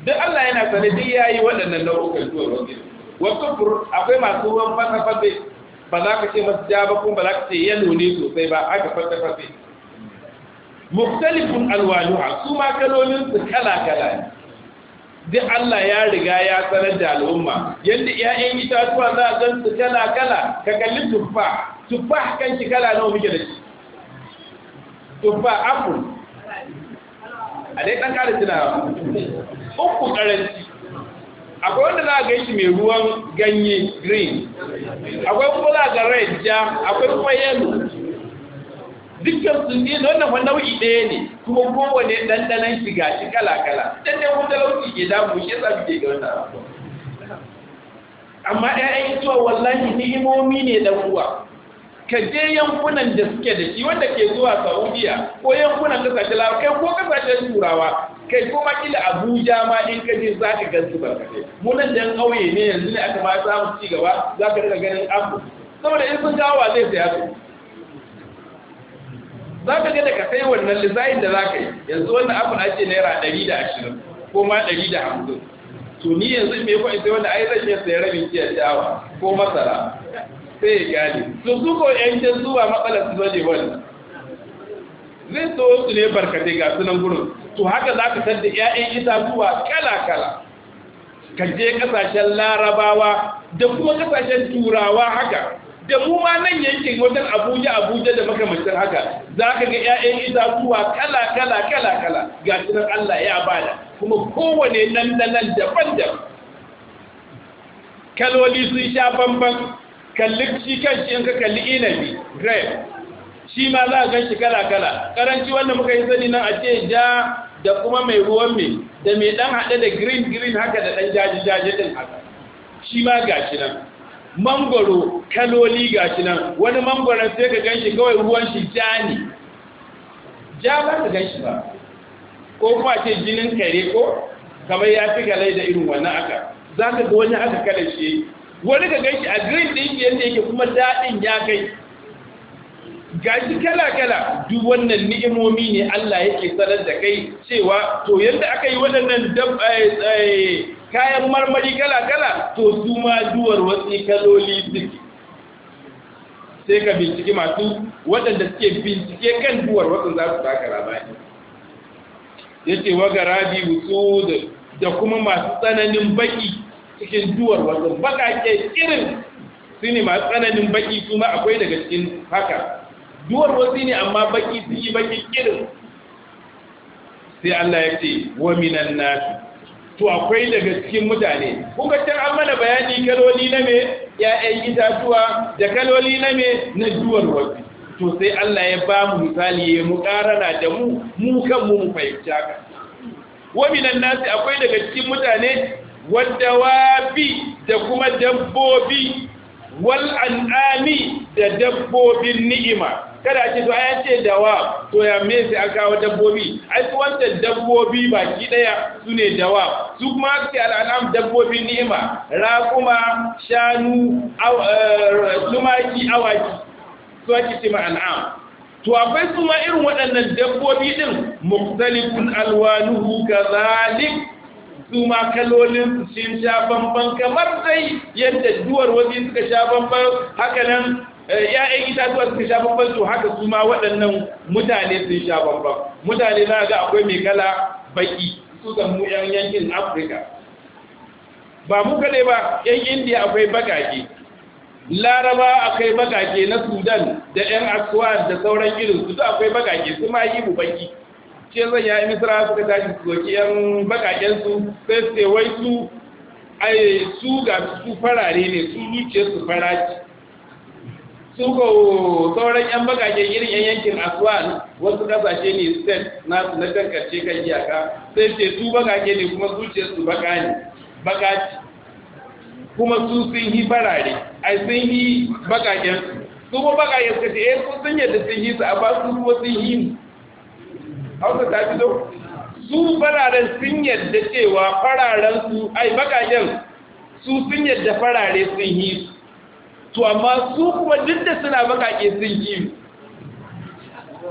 duk Allah yana sane duk yayi waɗannan nau'ukan duwar wasa wa kufur akwai masu ruwan fasafafe ba za ka ce masu ja ba kuma ba za ka ce yalo ne sosai ba fata fasafafe muktalifun alwanuha su ma kalolin su kala kala ne duk Allah ya riga ya sanar da al'umma yadda 'ya'yan itatuwa za a san su kala kala ka kalli tuffa tuffa kan shi kala nawa muke da shi tuffa apple a dai ɗan ƙara tunawa uku ƙaranci akwai wanda za a ga shi mai ruwan ganye green akwai kuma za a ga red ja akwai kuma yellow dukkan sun ne wannan nau'i ɗaya ne kuma kowane ɗanɗanan shiga shi kala-kala dan dai wanda lauti ke damu shi yasa ke ga wannan amma 'ya'yan ituwa wallahi ni'imomi ne dan uwa ka je yankunan da suke da shi wanda ke zuwa saudiya ko yankunan kasashe larabawa ko kasashen turawa kai kuma kila abuja ma in ka je za ka gan su barkatai Munan da dan ƙauye ne yanzu ne aka ma samu ci gaba za ka daga ganin abu saboda in sun kawo zai saya su za ka ga ka sai wannan lissahin da za ka yi yanzu wannan abu na ce naira ɗari da ashirin ko ma ɗari da hamsin to ni yanzu me kwa sai wanda ai zan iya sayar rabin kiyar dawa ko masara sai ya gali to su ko su matsalar su bane wani zai so su ne barkatai ga sunan gurin to haka za ka san da 'ya'yan itatuwa kala-kala ka je kasashen larabawa da kuma kasashen turawa haka da mu ma nan yankin wajen abuja abuja da makamancin haka za ka ga 'ya'yan itatuwa kala kala kala kala ga sunan allah ya bada kuma kowane nan da nan daban daban kaloli sun sha bambam. kalli shi kan shi in ka kalli inabi grape shi ma za a gan shi kala-kala karanci wanda muka yi sani nan a ce ja da kuma mai ruwan mai da mai dan haɗe da green green haka da dan jaji-jaji din haka shi ma ga shi nan mangoro kaloli ga shi nan wani mangoron sai ka gan shi kawai ruwan shi ja ne ja ba ka gan shi ba ko kuma ce jinin kare ko kamar ya fi kalai da irin wannan aka za ka ga wani aka kala shi wani ka ganshi a green din yadda yake kuma daɗin ya kai shi kala-kala duk wannan ni'imomi ne Allah yake sanar da kai cewa to yadda aka yi waɗannan eh, eh, kayan marmari kala-kala to su ma duwar watsi kaloli suke sai ka bincike masu waɗanda suke bincike kan duwar wasu za su taka labari ya ce wa garabi da kuma masu tsananin baki cikin duwar wato baƙaƙe irin su ne masu tsananin baƙi kuma akwai daga cikin haka duwar wasu ne amma baƙi su yi baki irin sai Allah ya ce wa minan nasu to akwai daga cikin mutane kuka can an mana bayani kaloli na me ya'yan itatuwa da kaloli na me na duwar wasu to sai Allah ya ba mu misali ya mu karana da mu mu kan mu fahimci haka wa minan nasu akwai daga cikin mutane والدوابي da kuma dabbobi wal an'ami da dabbobin ni'ima kada ce to ayan ce dawa to ya me sai aka wa dabbobi ai su wanda dabbobi baki daya su ne dawa su kuma ake al'anam dabbobin ni'ima raƙuma shanu eh, tumaki awaki su ake ce ma al'am to akwai kuma irin waɗannan dabbobi din mukhtalifun alwanuhu kadhalik su ma kalolin su sun sha banban kamar dai yadda duwar waje suka sha banban haka nan eh, ya'yan itatuwa suka sha banban to haka su ma waɗannan mutane sun sha banban mutane za ga akwai mai kala baki su ga mu yan yankin afirka ba mu kaɗai ba yan indiya akwai bakake laraba akwai bakake na sudan da yan aswan da sauran irin su akwai bakake su ma yi mu baki ce zan ya misra suka tashi su zoki yan bakaken su sai su wai su ai su ga su farare ne su zuciya su farace su ga sauran yan bakaken irin yan yankin aswan wasu kasashe ne state na su na tankarce kan iyaka sai ce su bakake ne kuma zuciya su baka ne bakaci kuma su sun yi farare ai sun yi bakaken su kuma bakaken suka ce eh sun yadda sun yi su a ba su kuma sun yi hausa ta fito su fararen sun yadda cewa fararen su ai bakajen su sun yadda farare sun yi to amma su kuma duk da suna bakake sun yi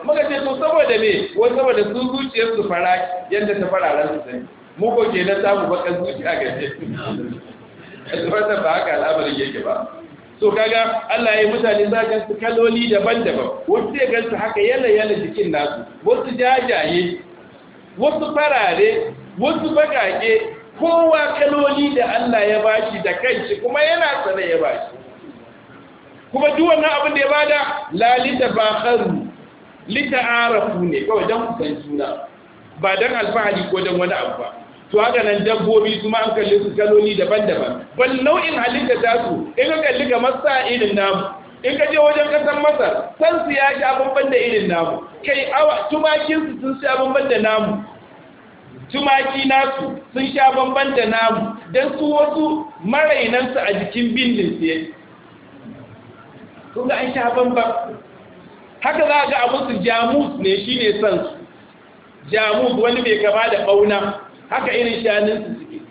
magace ce to saboda me wai saboda su zuciyar su fara yadda ta fararen su sai mu ko na samu bakan zuciya ga ba ba haka al'amarin yake ba so kaga Allah ya yi mutane za ka su kaloli daban-daban wasu zai gansu haka yana yana jikin nasu wasu jajaye wasu farare wasu bagage kowa kaloli da Allah ya bashi da kanshi kuma yana sana ya bashi kuma duk wannan abin da ya bada la lita arafu ne kawai don kusan suna ba don alfahari ko dan wani abu ba to haka nan dabbobi kuma an kalli su kaloli daban-daban bal nau'in halitta ta su in ka kalli ga masa irin namu in ka je wajen kasar masar san su ya sha bamban da irin namu kai awa tumakin su sun sha bamban da namu tumaki nasu sun sha bamban da namu dan su wasu marainan su a jikin bindin su kun ga an sha bamban haka za ga abun su jamus ne shine san su jamus wani bai kama da bauna haka irin shanin su suke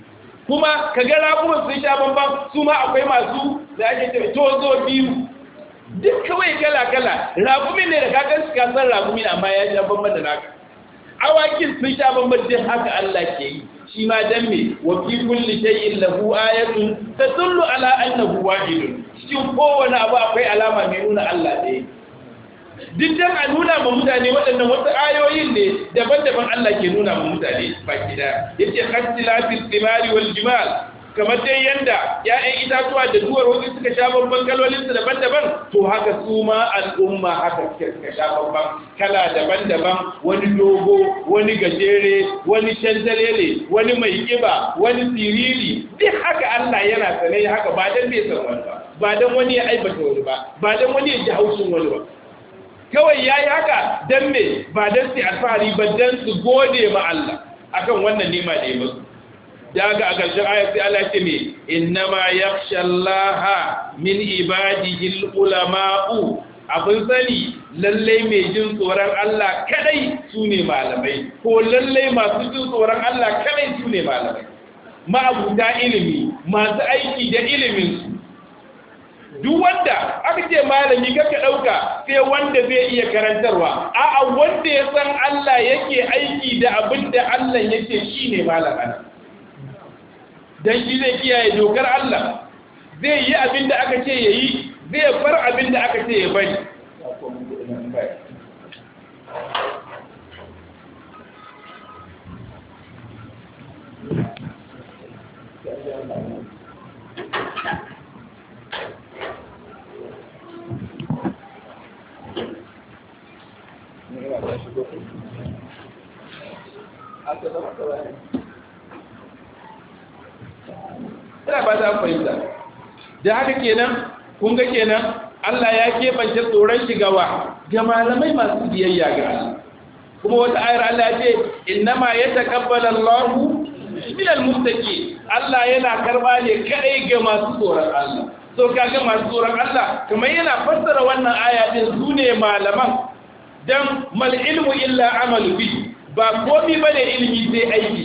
kuma ka ga rabuwan sun sha bambam su ma akwai masu da ake ce zo biyu duk kawai kala kala raƙumi ne da kakan su kasar raƙumi na amma ya sha bambam da naka awakin sun sha bambam din haka Allah ke yi shi ma dan me wa fi kulli shay'in lahu ayatun tadullu ala annahu wahidun cikin kowane abu akwai alama mai nuna Allah ɗaya Dindin a nuna ma mutane waɗannan wasu ayoyin ne daban-daban Allah ke nuna ma mutane baki da kasti lafis timari wal jimal kamar dai yanda ‘ya'yan itatuwa da duwar wasu suka sha bambam kalolinsu daban-daban to haka su ma al'umma haka suka sha babban kala daban-daban wani dogo wani gajere wani canzalele wani mai kiba wani siriri duk haka Allah yana sanai haka ba don bai san wani ba ba don wani ya aibata wani ba ba don wani ya ji haushin wani ba kawai ya yi haka don me ba don su alfahari ba don su gode ma Allah a kan wannan nima da ya musu ya ga a ƙarshen ayat sai Allah ce me inna ma ya shallaha min ibadihi ulama'u abin sani lallai mai jin tsoron Allah kadai su ne malamai ko lallai masu jin tsoron Allah kadai su ne malamai ma'abuta ilimi masu aiki da ilimin su duk wanda aka ce malami kaka ɗauka sai wanda zai iya karantarwa a'a wanda ya san Allah yake aiki da abin da Allah yake shi ne malam dan shi zai kiyaye dokar Allah zai yi abin da aka ce ya yi zai far abin da aka ce ya bari Thank you. ina ba fahimta da haka kenan kun ga kenan Allah ya keɓance tsoron shigawa ga malamai masu biyayya ga shi. kuma wata ayar Allah ya ce ma ya taqabbala Allahu minal muttaqi Allah yana karba ne kai ga masu tsoron Allah so kaga masu tsoron Allah kamar yana fassara wannan aya din su ne malaman dan mal ilmu illa amalu bi ba komi bane ilimi sai aiki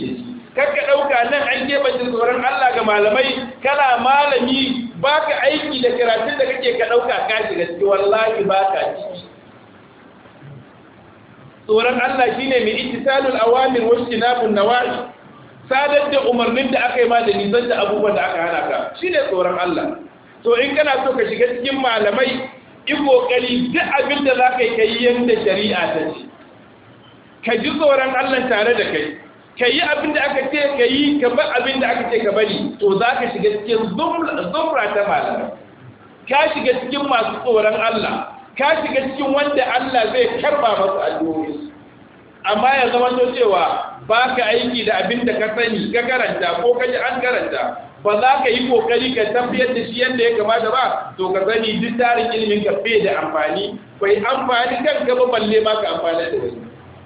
da shi ka dauka nan an keɓance tsoron Allah ga malamai kana malami baka aiki da karatun da kake ka dauka ka shiga ciki wallahi baka ciki tsoron Allah shine mai ittisalul awamir wa istinabun nawahi sadar da umarnin da aka yi ma da nisan da abubuwan da aka hana ka shine tsoron Allah to in kana so ka shiga cikin malamai in kokari duk abin da za ka yi ka yi yadda shari'a ta ce ka ji tsoron allah tare da kai ka yi abin da aka ce ka yi ka bar abin da aka ce ka bari to za ka shiga cikin zumra ta malama ka shiga cikin masu tsoron allah ka shiga cikin wanda allah zai karba masu addu'o'i amma ya zama to cewa ba ka aiki da abin da ka sani ka karanta ko ka ji an karanta ba za ka yi kokari ka tafiyar da shi yadda ya kamata ba to ka sani duk tarin ilimin ka fiye da amfani bai amfani kan gaba balle ma ka amfana da wani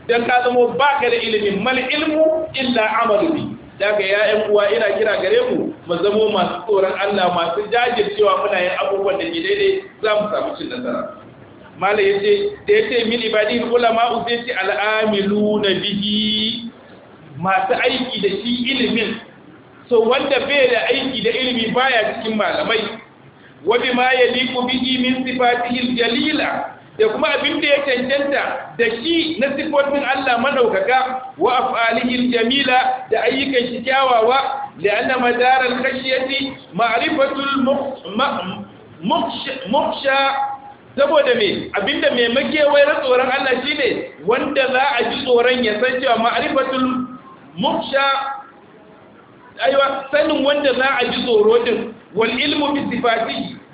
dan ka zama ba ka da ilimin mal ilmu illa amalu bi daga ya ƴan uwa ina kira gare mu mu zamo masu tsoron Allah masu jajircewa muna yin abubuwan da ke daidai za mu samu cin nasara mala yace da yace min ibadi ulama usai al'amiluna bihi masu aiki da shi ilimin so wanda bai da aiki da ilimi baya cikin malamai ma ya liku bihi min sifatihi jalila da kuma abin da ya cancanta da shi na sifofin Allah madaukaka wa af'alihil jamila da ayyukan shi kyawawa li'anna madaral khashyati ma'rifatul mukhsha saboda me abinda mai makewai tsoron Allah shine wanda za a ji tsoron ya san cewa ma'rifatul mukhsha aiwa sanin wanda za a ji tsoro din wal ilmu bi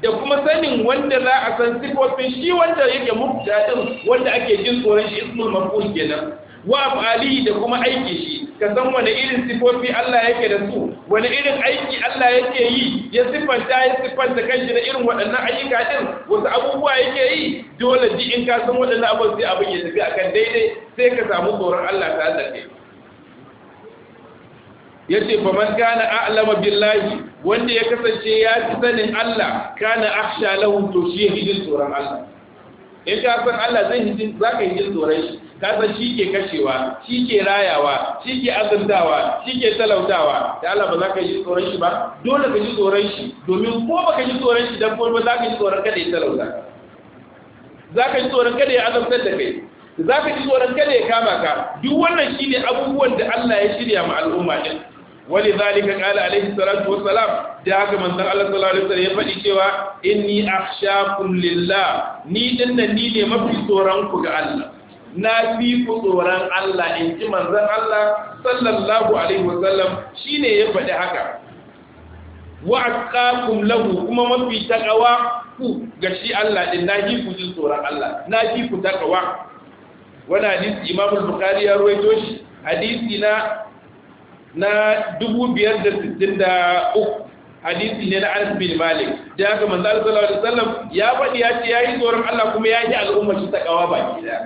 da kuma sanin wanda za a san sifofin shi wanda yake mubta din wanda ake jin tsoron shi ismul maf'ul kenan wa af'ali da kuma aiki shi ka san wani irin sifofi Allah yake da su wani irin aiki Allah yake yi ya siffanta ya siffanta kanshi da irin waɗannan ayyuka din wasu abubuwa yake yi dole ji in ka san waɗannan abubuwa sai abin ya tafi akan daidai sai ka samu tsoron Allah ta kai Ya ce fa man kana a'lama billahi wanda ya kasance ya fi sanin Allah kana akhsha lahu to shi hijin tsoron Allah in ka san Allah zai hijin ka hijin tsoron shi ka san shi ke kashewa shi ke rayawa shi ke azantawa shi ke talautawa da Allah ba za ka yi tsoron shi ba dole ka ji tsoron shi domin ko ba ka ji tsoron shi dan kuma za ka ji tsoron kada ya talauta za ka ji tsoron kada ya azabtar da kai za ka ji tsoron kada ya kama ka duk wannan shine abubuwan da Allah ya shirya ma al'umma din wali zalika qala alaihi salatu wassalam da haka manzon Allah sallallahu alaihi wasallam ya faɗi cewa inni akhshakum lillah ni dinnan ni ne mafi tsoron ga Allah na fi ku tsoron Allah in ji manzon Allah sallallahu alaihi wasallam shine ya faɗi haka wa lahu kuma mafi takawa ku ga shi Allah din na ji ku ji tsoron Allah na ji ku takawa wani hadisi imam bukhari ya ruwaito shi hadisi na na dubu biyar da da sittin uku, hadisi ne na Anas bin Malik da haka manzo Allah sallallahu alaihi wasallam ya faɗi ya ce yayi tsoron Allah kuma ya yi al'umma shi ta takawa baki da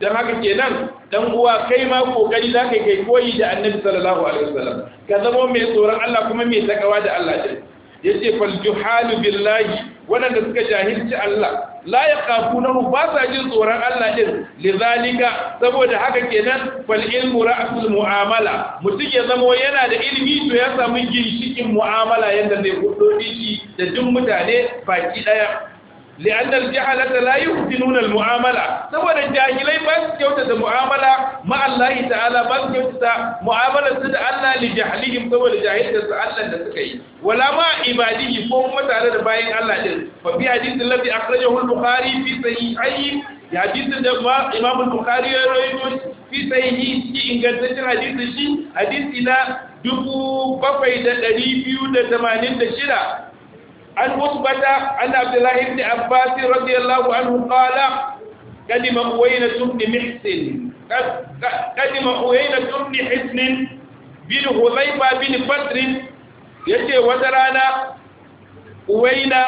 dan haka kenan dan uwa kai ma kokari za kai kai koyi da Annabi sallallahu alaihi wasallam ka zama mai tsoron Allah kuma mai takawa da Allah din yace fal juhalu billahi wanda suka jahilci Allah la kafu ba sa jin tsoron Allah ɗin lizalika saboda haka kenan fal ilmu ra'asul mu'amala mutum ya zama yana da ilimi to ya samu ginshikin mu'amala yanda zai da shi da duk mutane baki ɗaya. لأن الجهلة لا يحسنون المعاملة سوى الجاهلين بس كوتة المعاملة مع الله تعالى بس كوتة معاملة سد الله لجهلهم سوى الجاهلة الله نسكي ولا ما عباده فهم تعالى باين الله جل ففي حديث الذي أخرجه البخاري في صحيحه ya hadisin da ma Imam Bukhari ya rawaito fi sahihi shi ingantaccen hadisi shi hadisi na 7286 عن عقبة عن عبد الله بن عباس رضي الله عنه قال قدم أوينة بن محسن قدم أوينة بن حسن بن حذيفة بن بدر يتي وترانا أوينة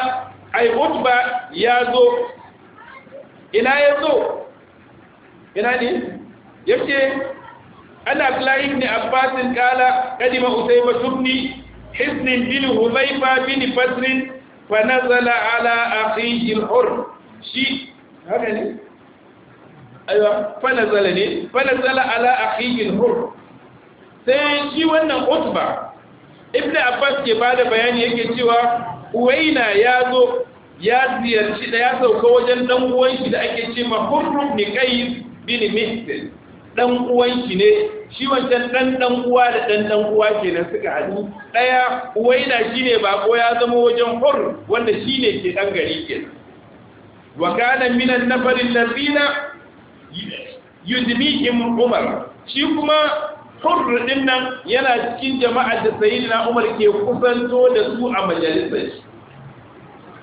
أي عتبة يا ذو إلى يزو إلى دي يتي أنا عبد الله بن عباس قال قدم أوينة بن حسن بن حذيفة بن بدر fa nazala ala akhihi al-hur sai shi wannan utba ibn abbas ke bada bayani yake cewa uwaina ya zo ya ziyarci da ya sauka wajen dan da ake cewa hurr bin qais bin mihsan dan ne shi wancan ɗan ɗan uwa da ɗan ɗan uwa kenan suka haɗu ɗaya uwaina shine baƙo ya zama wajen hur wanda shine ke ɗan gari kenan wa kana minan nafarin lazina yudmihim umar shi kuma hur din nan yana cikin jama'a da sayyidina umar ke kusanto da su a majalisar shi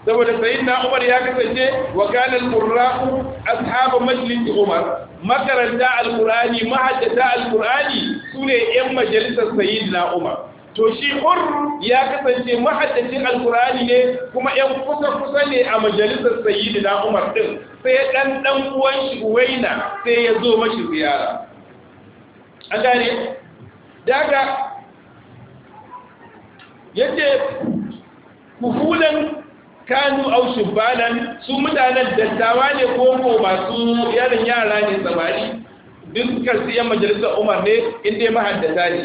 saboda sayyidina umar ya kasance wa kana al-qurra'u ashabu majlis umar makaranta alkur'ani mahaddata alkur'ani su ne 'yan majalisar sayyidina umar to shi ur ya kasance mahaddacin alkur'ani ne kuma 'yan kusa-kusa ne a majalisar sayyidina umar din sai ɗan ɗan uwan shi uwaina sai ya zo mashi ziyara an gane daga yace kufulan kanu au shubbanan su mutanen dattawa ne ko ko masu yaran yara ne samari dukkan su yan majalisar umar ne inda mahaddata ne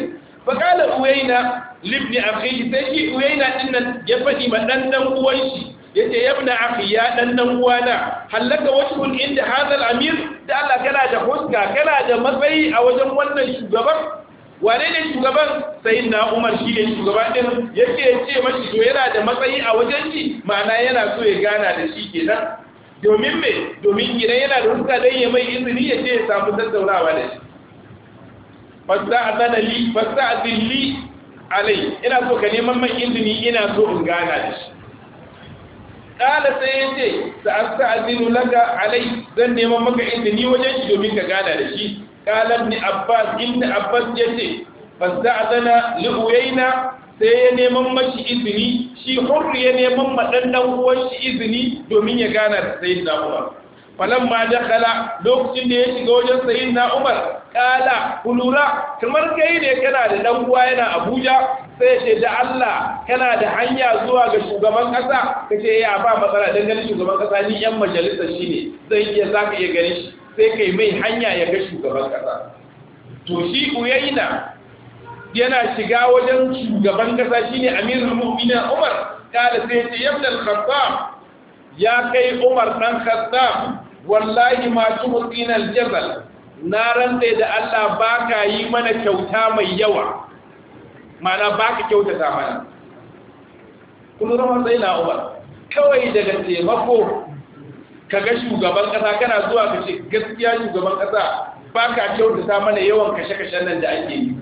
fakalar uwaina libni akhi sai shi uwaina dinnan ya faɗi ma dan dan uwan shi yace yabna akhi ya dan dan uwana halaka wajhun inda hadha al-amir da Allah kana da huska kana da matsayi a wajen wannan shugaban wane ne shugaban sai na umar shi ne shugaban din yake ce mashi to yana da matsayi a wajen shi ma'ana yana so ya gana da shi ke nan domin me domin gidan yana da huska don ya mai izini ya ce ya samu tattaunawa da shi a fasta'adana li a li alai ina so ka neman mai izini ina so in gana da shi kala sai ya ce sa'asta'adinu laka alai zan neman maka izini wajen shi domin ka gana da shi قال ابن عباس ابن عباس يتي فاستأذن لأوينا سيني من مشي إذني شي حر يني من مدن وشي إذني دومين يغانا سيدنا عمر فلما دخل لوكسين da ya shiga wajen sayyidina Umar kala kulura kamar kai ne kana da dan yana Abuja sai ce da Allah kana da hanya zuwa ga shugaban kasa kace ya ba matsala dan ganin shugaban kasa ni yan majalisa ne. zai iya zaka iya gani. sai kai mai hanya ya ga shugaban kasa to shi uyaina yana shiga wajen shugaban kasa shine amirul mu'minin umar kada sai ya ce yabda al-khattab ya kai umar dan khattab wallahi ma tuhqina al-jabal na rantse da Allah baka yi mana kyauta mai yawa mana baka ta mana kuma zama sai na umar kawai daga taimako ka ga shugaban ƙasa kana zuwa ka ce gaskiya shugaban kasa ba ka kyautata mana yawan kashe-kashen nan da ake yi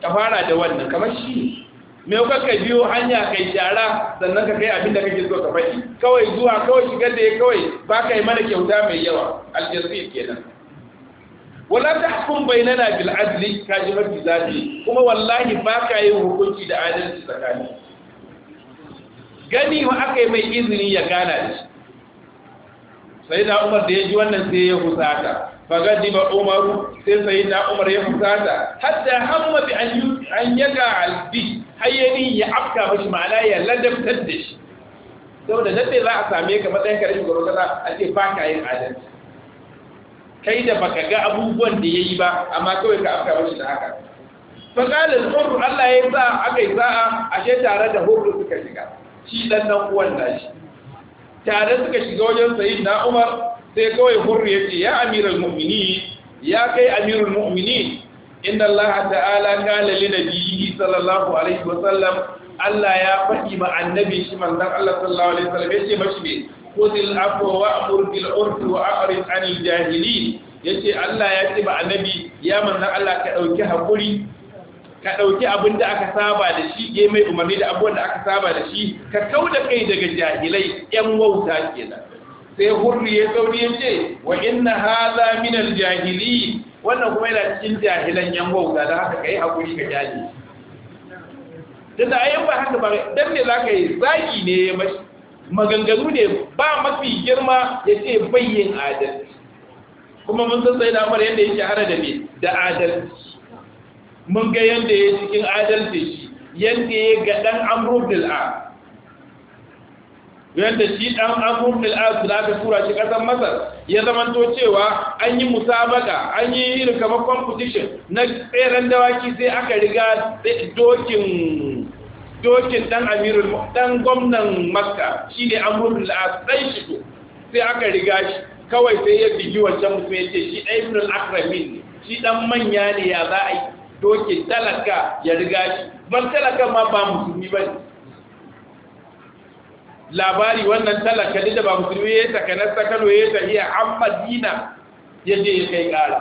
ta fara da wannan kamar shi me kuka ka biyo hanya kai shara sannan ka kai abin da kake so ka faɗi kawai zuwa kawai shigar da ya kawai ba ka yi mana kyauta mai yawa aljazir kenan wala tahkum bainana bil adli ka ji mafi zafi kuma wallahi ba ka yi hukunci da adalci tsakani gani wa aka yi mai izini ya gana da shi sai da umar da ya ji wannan sai ya husata fagadi ba umaru sai sai da umar ya husata hatta hamma bi an yaga albi hayyani ya afka mashi ma'ana ya ladabtar da shi saboda nan za a same ka matsayin ka rashin gwaro kaza a ce ba yin adalci kai da baka ga abubuwan da ya yi ba amma kawai ka afka mashi da haka al hurru Allah ya sa aka yi sa'a ashe tare da hukunci suka shiga shi dan nan uwan nashi tare suka shiga wajen sayyid na umar sai kawai hurr ya ce ya amirul mu'minin ya kai amirul mu'minin inna allah ta'ala qala li nabiyhi sallallahu alaihi wa sallam allah ya faɗi ma annabi shi manzon allah sallallahu alaihi wa sallam yace mashi me khudil afwa wa'mur bil urfi wa a'rid 'anil jahilin yace allah ya ce ba annabi ya manzon allah ka dauki hakuri ka ɗauki abin da aka saba da shi ya mai umarni da abubuwan da aka saba da shi ka kau da kai daga jahilai ‘yan wauta kenan sai hurri ya sauri ya ce wa inna haza minal jahili wannan kuma yana cikin jahilan ‘yan wauta da haka kai hakuri ka jahili Da ayyan ba haka ba dan ne za ka yi zagi ne maganganu ne ba mafi girma ya ce bayyin adalci kuma mun san sai da amara yadda ya shahara da me da adalci mun ga yadda ya cikin adalci shi yadda ya ga ɗan amurbil a yadda shi ɗan amurbil a su da tura shi ƙasar masar ya zamanto cewa an yi musabaka an yi irin kamar competition na tseren dawaki sai aka riga dokin dokin ɗan amirul ɗan gwamnan maska. shi ne amurbil a sai shi sai aka riga shi kawai sai ya bigi wancan mutum ya ce shi shi ɗan manya ne ya za a yi dokin talaka ya riga shi ban talaka ma ba musulmi ba ne labari wannan talaka da ba musulmi ya saka na sakalo ya tafiya an madina ya je ya kai kara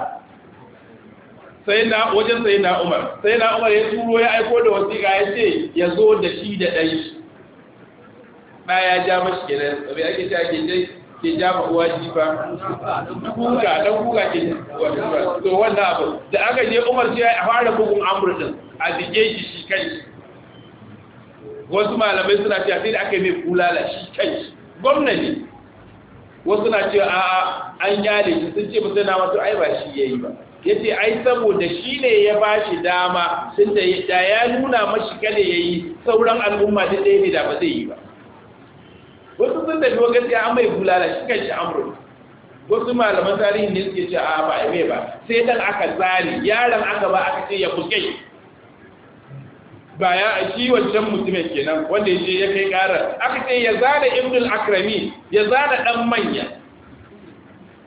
sai na wajen sai na umar sai na umar ya turo ya aiko da wasiƙa ya ce ya zo da shi da ɗan shi ɗaya ya ja mashi kenan sabai ake ke ake ke jama uwa jifa kuka dan kuka ke to wannan abu da aka je umar sai ya fara bugun amur din a dike shi shi kai wasu malamai suna cewa sai da aka yi mai kulala shi kai gwamnati wasu na cewa a an yale shi sun ce mutum wato wasu ai ba shi yayi ba yace ai saboda shi ne ya ba shi dama tunda da ya nuna mashi kada yayi sauran al'umma din da ne da ba zai yi ba wasu sun tafi wa an mai bulala shi kan shi wasu malaman tarihin ne suke ce a ba a ba sai dan aka tsari yaron aka ba aka ce ya buke ba ya shi wancan mutumin kenan wanda ya je ya kai kara aka ce ya zana ibnul akrami ya zana dan manya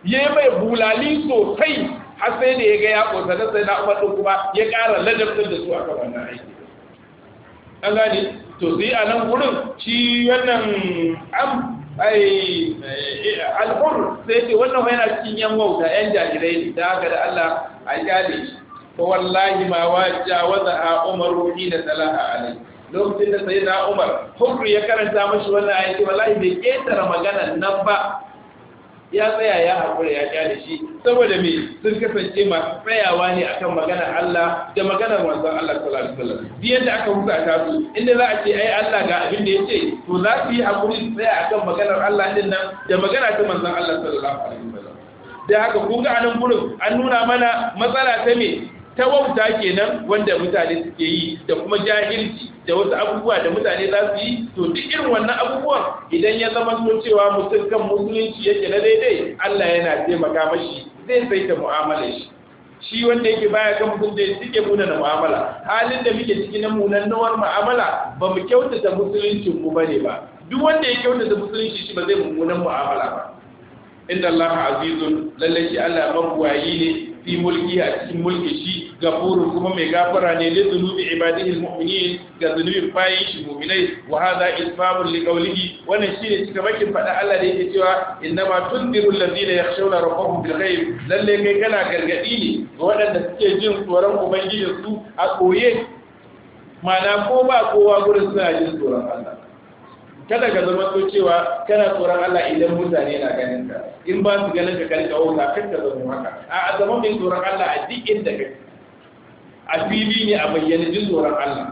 ya yi mai bulali sosai har sai da ya ga ya kosa da sai na umar kuma ya ƙara ladabtar da su a kan wannan aiki an gane to sai a nan gurin shi wannan am ai alhur sai ce wannan yana cikin yan wauta yan jahilai ne da haka da Allah a kyale shi to wallahi ma wa waza a umar ruhi da salaha alai lokacin da sai na umar hurri ya karanta mashi wannan ayati wallahi bai ketara magana nan ba ya tsaya ya haƙura ya kyale shi saboda mai sun kasance masu tsayawa ne akan maganar Allah da maganar manzon Allah sallallahu alaihi wasallam duk aka huta ta su inda za a ce ai Allah ga abin da yace to za su yi hakuri su tsaya akan maganar Allah din nan da magana ta manzon Allah sallallahu alaihi wasallam da haka kun ga anan gurin an nuna mana matsala ta me ta wauta kenan wanda mutane suke yi da kuma jahilci da wasu abubuwa da mutane za su yi to duk irin wannan abubuwan idan ya zama so cewa mutum kan musulunci yake na daidai Allah yana taimaka mashi zai ta mu'amala shi shi wanda yake baya kan mutum da suke muna na mu'amala halin da muke ciki na munannuwar mu'amala ba mu kyautata musuluncin mu bane ba duk wanda ya kyautata musulunci shi ba zai mummunan mu'amala ba inda Allah azizun lalle shi Allah mabuwayi ne fi mulki a cikin mulki shi غفور كما مي غفرا ني لذنوب عباده المؤمنين غذنوب wahaza, شي مؤمنين وهذا اسباب لقوله وانا شيء cikakken faɗa Allah da yake cewa innama tundiru alladhina yakhshawna rabbahum bil ghaib lalle kai kana gargadi ne waɗanda suke jin tsoron ubangijin su a koye mana ko ba kowa gurin suna jin tsoron Allah kada ka zama to cewa kana tsoron Allah idan mutane na ganin in ba su ganin ka a ka wauta kan zama haka a zaman mai tsoron Allah a duk inda kake a fili ne a bayyana jin tsoron Allah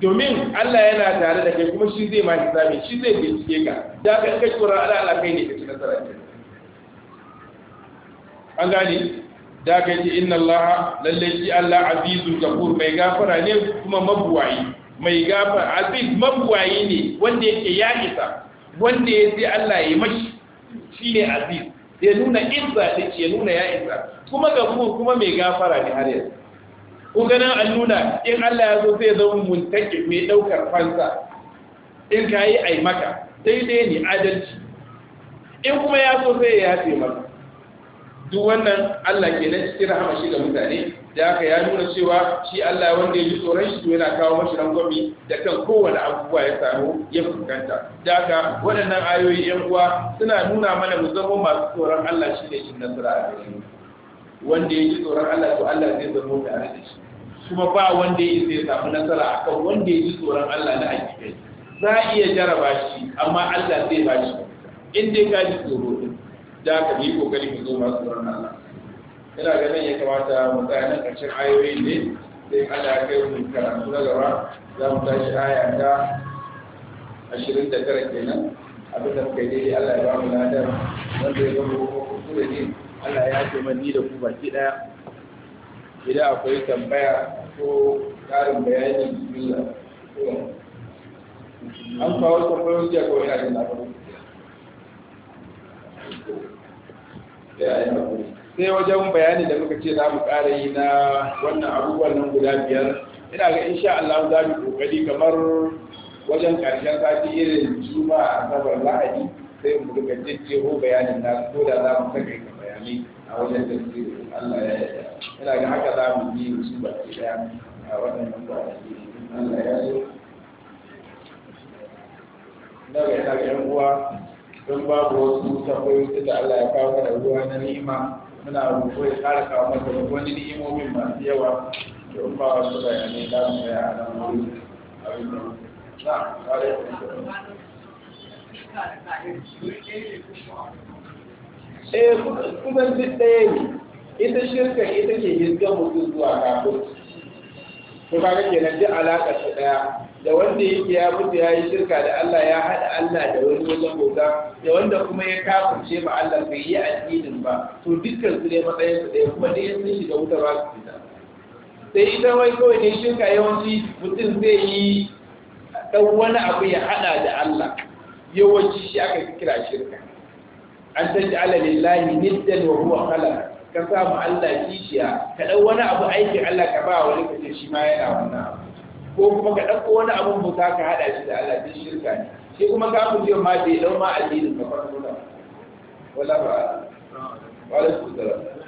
domin Allah yana tare da kai kuma shi zai ma zai shi zai bincike ka da ka kai tsoron Allah Allah kai ne ka ci nasara ke an gane da ka ce inna Allah lalle shi Allah azizul jabur mai gafara ne kuma mabuwayi mai gafara aziz mabuwayi ne wanda yake ya isa wanda ya sai Allah ya mashi shi ne aziz ya nuna izza da ya nuna ya isa kuma gafur kuma mai gafara ne har yanzu ko ganin alluna in Allah ya zo sai zama muntaki mai daukar fansa in ka yi ai maka daidai ne adalci in kuma ya so sai ya yafe maka duk wannan Allah ke na cikin rahama shi ga mutane da aka ya nuna cewa shi Allah wanda ya ji tsoron shi yana kawo mashi rangwami da kan kowane abubuwa ya samu ya fuskanta da aka waɗannan ayoyi yan uwa suna nuna mana mu zama masu tsoron Allah shi ne shi nasara a wanda ya ji tsoron Allah to Allah zai zama tare da shi kuma ba wanda ya isa ya samu nasara akan wanda ya ji tsoron Allah na hakikai za a iya jaraba shi amma Allah zai ba shi in dai ka ji tsoro da ka yi kokari ka zo masu tsoron Allah ina ganin ya kamata mu tsaya nan ƙarshen ayoyi ne sai ya kai mu karatu na gaba za mu tashi aya ta ashirin da tara kenan abin da suka yi daidai Allah ya ba mu ladar wanda ya gama kuma kuskure ne Allah ya ce man ni da ku baki ɗaya idan akwai tambaya ko karin bayani bismillah an kawo tambayoyin jiya ko na jin labarin sai wajen bayani da muka ce za mu ƙara yi na wannan abubuwan nan guda biyar ina ga insha Allah za mu kokari kamar wajen ƙarshen sati irin juma a sabar lahadi sai mu rika jejjeho bayanin na ko da za mu saka bayanai a wajen tafsirin Allah ya yarda ina ga haka za mu yi su ke daya a waɗannan kwanaki Allah ya so na ga ina ga yankuwa, uwa don babu wasu tafiyoyi da Allah ya kawo da ruwa na nima muna rufo ya ƙara kawo masa da wani ni'imomin masu yawa da in ba wasu bayanai da mu ya a nan wuri abin da na ƙare Eh, kusan da ya ne, ita shirka ita ke jirgin mutum zuwa kafirci to kaga kenan duk alaka ta daya da wanda yake ya mutu ya yi shirka da Allah ya haɗa Allah da wani wajen bauta da wanda kuma ya kafirce ba Allah bai yi addinin ba to dukkan su ne matsayin su ɗaya kuma dai sun shiga wuta ba su fita sai ita wai kawai ne shirka yawanci mutum zai yi ɗan wani abu ya haɗa da Allah yawanci shi aka kira shirka an canja alalillahi lillahi niddan wa huwa khalaq ka sa mu Allah kishiya ka ɗau wani abu aikin Allah ka ba wani ka ce shi ma yana wannan ko kuma ka ɗauko wani abun bauta ka haɗa shi da Allah din shirka ne shi kuma ka mu ma bai ɗau ma addinin ka fara nuna wala ba wala su na kuma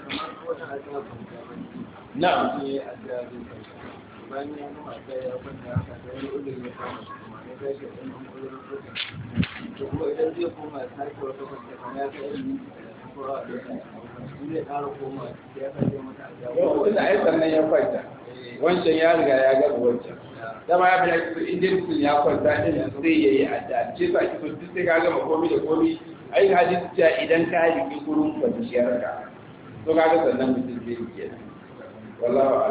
sake wata kamar ya ta da ai sannan ya kwanta wancan ya riga ya gaba wancan dama ya fi su injin ya kwanta sai ya yi ce sa duk sai ka gama komi da komi hadisi cewa idan ka yi to ka ga sannan mutum zai wallahu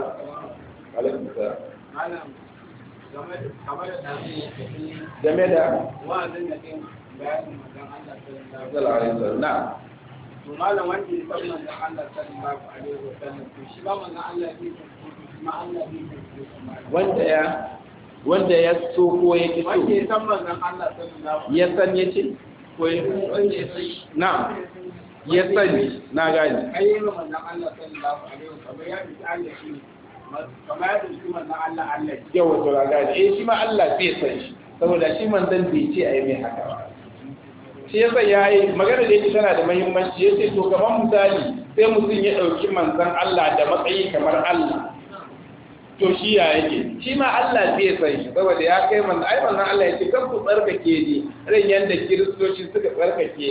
alaikum game da wa'azin da bayanin Allah sallallahu alaihi wasallam to malam wanda ya san manzon Allah sallallahu alaihi wa sallam to shi ba manzon Allah ne kuma Allah ne wanda ya wanda ya so ko ya ki so wanda ya san manzon Allah sallallahu ya san ya ce ko ya wanda ya san na ya sani na gani kai ne manzon Allah sallallahu alaihi wa sallam ya bi Allah shi kamar yadda shi manzon Allah Allah yau to gani eh shi ma Allah zai san shi saboda shi manzon bai ce ai mai haka ba shi yasa ya yi magana da yake tana da mahimmanci ya ce to kamar misali sai mutum ya ɗauki manzan Allah da matsayi kamar Allah to shi ya yake shi ma Allah zai san shi saboda ya kai manzo ai manzan Allah ya ce kan ku tsarkake ni ran yanda kiristoci suka tsarkake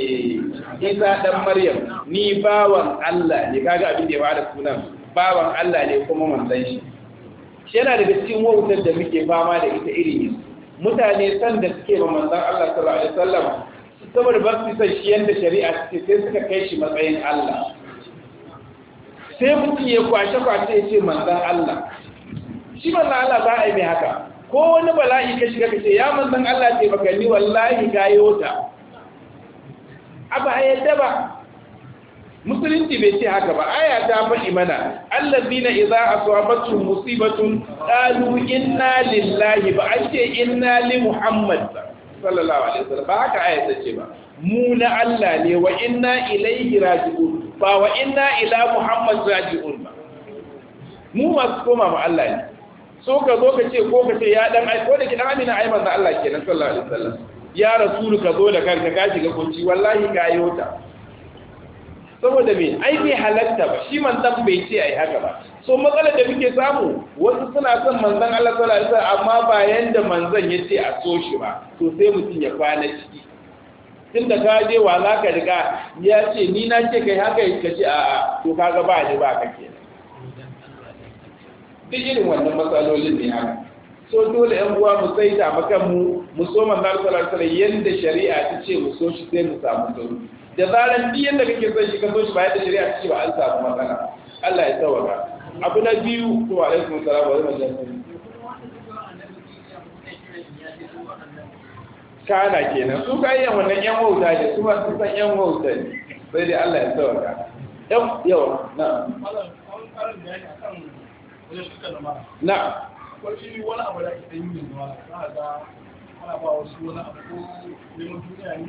Isa dan Maryam ni bawan Allah ne kaga abin da ya da sunan bawan Allah ne kuma manzon shi shi yana daga cikin wautar da muke fama da ita irin mutane san da suke ba manzan Allah sallallahu alaihi wasallam saboda ba su san shi yadda shari'a ce sai suka kai shi matsayin Allah sai mutum ya kwashe kwashe ya ce manzan Allah shi manzan Allah za a yi mai haka ko wani bala'i ka shiga ka ce ya manzan Allah ce baka ni wallahi ga yota a ba a yadda ba musulunci bai ce haka ba aya ta faɗi mana Allah a idza asabatu musibatun qalu inna lillahi ba an ce inna li muhammad ba sallallahu alaihi wasallam ba haka ayata ce ba mu na Allah ne wa inna ilaihi raji'un ba wa inna ila muhammad raji'un ba mu masu koma ma Allah ne so ka zo ka ce ko ka ce ya dan ai ko da ki amina ai manzo Allah kenan sallallahu alaihi wasallam ya rasulu ka zo da kanka ka shiga kunci wallahi ka yi wuta saboda me ai bai halatta ba shi manzan bai ce ai haka ba so matsalar da muke samu wasu suna son manzan Allah sallallahu amma ba yanda manzan ya ce a so shi ba to sai mutum ya kwana ciki tunda ka je wa za ka riga ya ce ni na ce kai haka ka ce a'a to kaga ba ni ba kake duk irin wannan matsalolin ne haka so dole yan uwa mu sai ta makan mu mu so manzon sallallahu alaihi wasallam yanda shari'a ta ce mu so shi sai mu samu sauki da zarar duk yadda kake son shi ka so shi ba yadda shari'a ce ba an samu matsala Allah ya tsawaka abu na biyu to alaikum salam wa rahmatullahi kana kenan su ka yi wannan yan wauta ne su ba su san yan wauta ne sai dai Allah ya tsawaka yan yawa na na wani wani abu da ake yi ne ba za a ga ana ba wasu wani abu ko neman duniya ne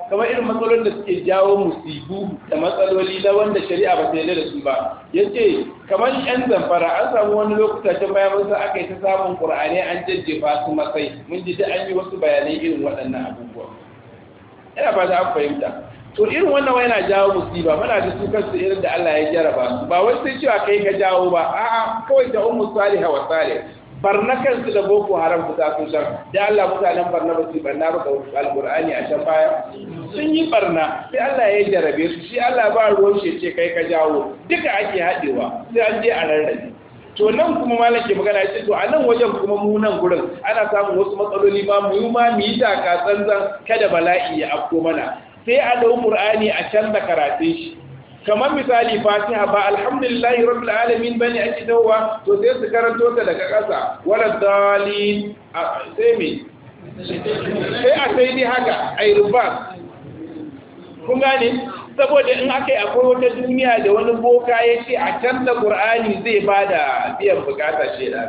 kamar irin matsalolin da suke jawo musibu da matsaloli na wanda shari'a ba ta yarda da su ba yace kamar yan zamfara an samu wani lokuta ta baya wasu aka yi ta samun ƙur'ani an jajjefa su matsayi mun ji da an yi wasu bayanai irin waɗannan abubuwa ina ba za fahimta to irin wannan wai yana jawo musiba muna da su kansu irin da Allah ya jaraba ba. ba wai sai cewa kai ka jawo ba a'a kawai da ummu salihah wa salih barna kansu da boko haram ku taso can da Allah mutanen barna ba su barna ba ga alqur'ani a can baya sun yi barna sai Allah ya jarabe su shi Allah ba ruwan shi ce kai ka jawo duka ake hadewa sai an je a rarrabe to nan kuma malam magana ce to a nan wajen kuma mu nan gurin ana samun wasu matsaloli ma mu yi ma mu yi taka tsantsan kada bala'i ya afko mana sai a dau qur'ani a can da karatun shi kamar misali fatiha ba alhamdulillahi rabbil alamin bane ake dawowa to sai su karanto ta daga ƙasa wala dalil sai me sai a sai dai haka ai ruba kun gane saboda in akai akwai wata duniya da wani boka ya ce a da qur'ani zai bada biyan bukata da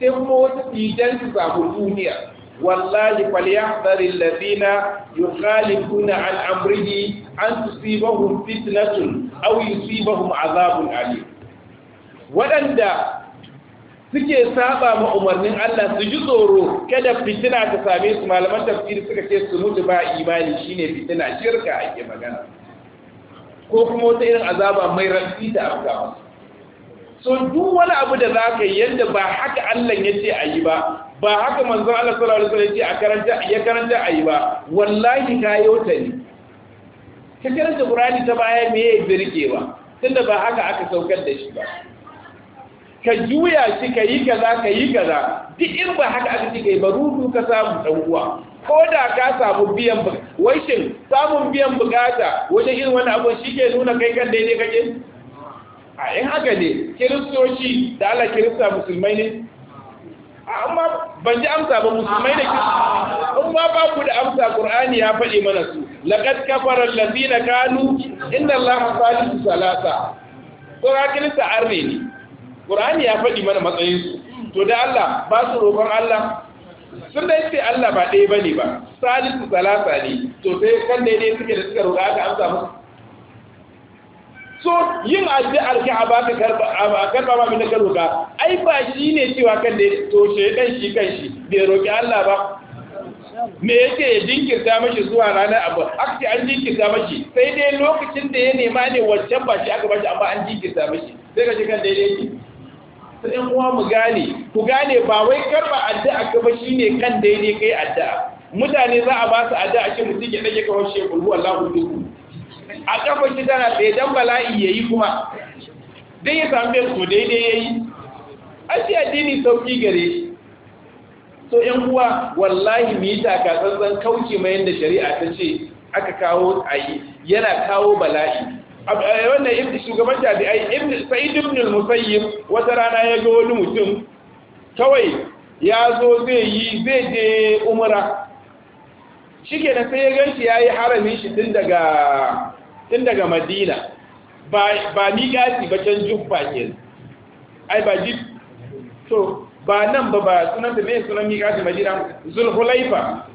sai kuma wata bidan su samu duniya wallahi falyahdhari alladhina yukhalifuna an amrihi an tusibahum fitnatun aw yusibahum azabun alim wadanda suke saba ma umarnin Allah su ji tsoro kada fitina ta same su malaman tafsiri suka ce su mutu ba imani shine fitina shirka ake magana ko kuma wata irin azaba mai rafi da afka so duk wani abu da za ka yi yadda ba haka Allah ya ce a yi ba ba haka manzon Allah sallallahu alaihi wasallam ya ce a karanta ya karanta ayi ba wallahi ka ta ne ka karanta Qur'ani ta baya me ya ba tunda ba haka aka saukar da shi ba ka juya shi ka yi kaza ka yi kaza duk in ba haka aka ce kai ba rudu ka samu dan ko da ka samu biyan wai shin samun biyan bukata wajen irin wani abu shi ke nuna kai kan daidai kake a in haka ne kiristoci da Allah kirista musulmai ne amma ban ji amsa ba musulmai da kirista in ba ba ku da amsa qur'ani ya faɗi mana su laqad kafara allazina kanu inna allaha salisu salasa to ga sa arne ne qur'ani ya faɗi mana matsayin su to da Allah ba su roƙon Allah sun dai ce Allah ba ɗaya bane ba salisu salasa ne to sai kan ne suke da suka roƙa aka amsa musu so yin addu'ar ka a ka karba ma bin ka ba, ai ba shi ne cewa kan da to shedan shi kan shi bai roƙi Allah ba me yake ya jinkirta mashi zuwa ranar abu aka ce an jinkirta mashi sai dai lokacin da ya nema ne wancan ba shi aka bashi amma an jinkirta mashi sai ka kan daidai ne sai yan uwa mu gane ku gane ba wai karba addu'a ka ba shine kan daidai kai addu'a mutane za a ba su addu'a shi mutum ya dage kawai shekul huwa Allahu duhu a kafa shi tana tsaye dan bala'i ya yi kuma dan ya bai ko daidai ya yi ashe addini sauki gare so yan uwa wallahi mu yi tsantsan kauce mai yadda shari'a ta ce aka kawo ayi yana kawo bala'i eh, wannan shugaban tabi'ai ibn sa'id ibn al-musayyib wata rana ya ga wani mutum kawai ya zo zai yi zai je umra shikenan sai ya ya yi haramin shi tun daga tun daga madina ba gasi ba can juffa ke ai ba ji to ba nan ba ba sunan da mai sunan miƙati madina zulhulaifa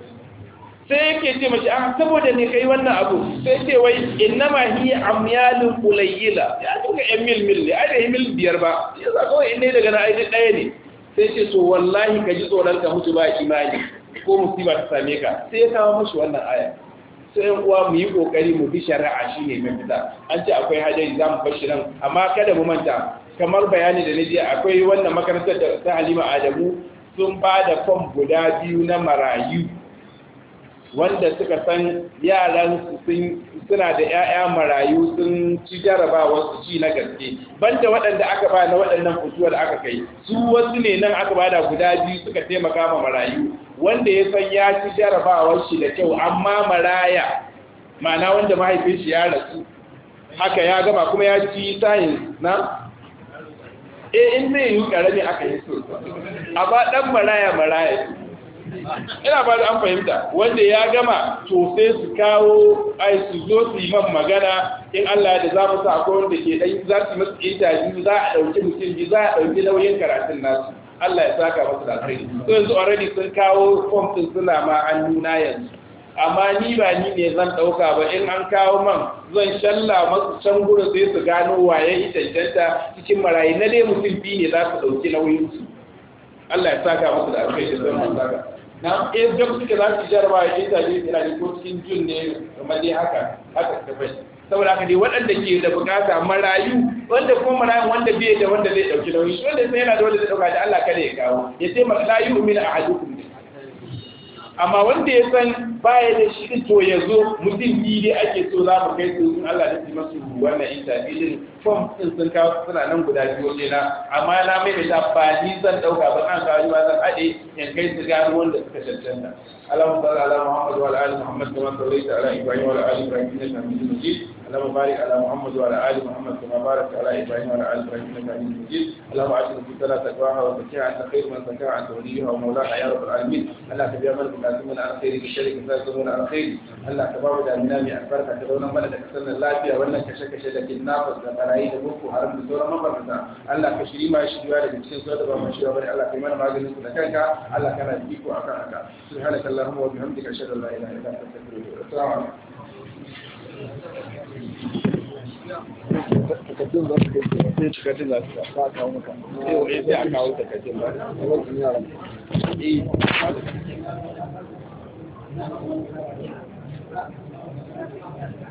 sai yake ce mashi a ah, saboda ne kai wannan abu sai ce wai ma hi amyalun kulayila ya tuka yan mil mil ne ai da mil biyar ba ya za kawai in ne daga na aiki ɗaya ne sai ce so wallahi ka ji tsoron ka mutu ba imani ko musiba ta same ka sai ya kawo mashi wannan aya sai yan uwa mu yi kokari mu bi shari'a shine fita. an ce akwai hadari za mu fashi nan amma kada mu manta kamar bayani da nije akwai wannan makarantar da ta Halima Adamu sun ba da fom guda biyu na marayu wanda suka san yaran sun suna da 'ya'ya marayu sun ci jarabawa su ci na gaske banda waɗanda aka ba na waɗannan fituwar aka kai su wasu ne nan aka ba da guda biyu suka taimaka ma marayu wanda ya san ya ci jarabawar shi da kyau amma maraya ma'ana wanda mahaifin shi ya rasu haka ya gama kuma ya ci "Sayin na eh in zai yi karami aka yi so amma dan maraya maraya ina ba da an fahimta wanda ya gama to sai su kawo ai su zo su yi man magana in Allah da za mu sa akwai wanda ke dai za su masu interview za a dauki mutum ji za a dauki nauyin karatun nasu Allah ya saka masu da kai so yanzu already sun kawo form din suna ma an nuna yanzu amma ni ba ni ne zan ɗauka ba in an kawo man zan shalla masu can gudu sai su gano waye ita cancanta cikin marayi na dai mutum biyu ne za su ɗauki nauyin su Allah ya saka masu da kai da zan saka na in jam eh, suke za su jarba ya yi zaje da rani ko cikin jun ne kamar dai haka haka ta bai saboda haka dai waɗanda ke da bukata marayu wanda kuma marayu wanda bai da wanda zai dauki nauyi wanda sai yana da wanda zai ɗauka da Allah kada ya kawo ya ce marayu min ahadukum amma wanda ya san baya da shi to ya zo mutum yi dai ake so za mu kai su sun Allah da su masu wannan interview din fom ɗin sun kawo suna nan guda biyu ne na amma na mai da ba ni zan dauka ba kan kawo ba zan haɗe in kai su gano wanda suka cancanta Allahumma salli ala Muhammad wa ala ali Muhammad kama sallaita ala Ibrahim wa ala ali Ibrahim innaka Hamidum Majid اللهم بارك على محمد وعلى ال محمد كما باركت على ابراهيم وعلى ال ابراهيم انك حميد مجيد اللهم اعطنا في ثلاث تقواها وزكاها انت خير من زكاها انت وليها ومولاها يا رب العالمين الله تبيع ملك الاسماء على خير الشركه فاتمون على خير الله تبارك على النبي اكبرك تدون من تكسرنا اللافيه ولا كشك شدك النافذ لبرايد بوكو حرم بسوره مبرزه الله كشري ما يشري ولا بشيء صدق ما شيء الله كمان ما قلت لك الله كان يديك وعكاك سبحانك اللهم وبحمدك اشهد ان لا اله الا انت استغفرك السلام عليكم takaddun za su kai sai cikaddun su kawo sai wa sai a kawo ba a yara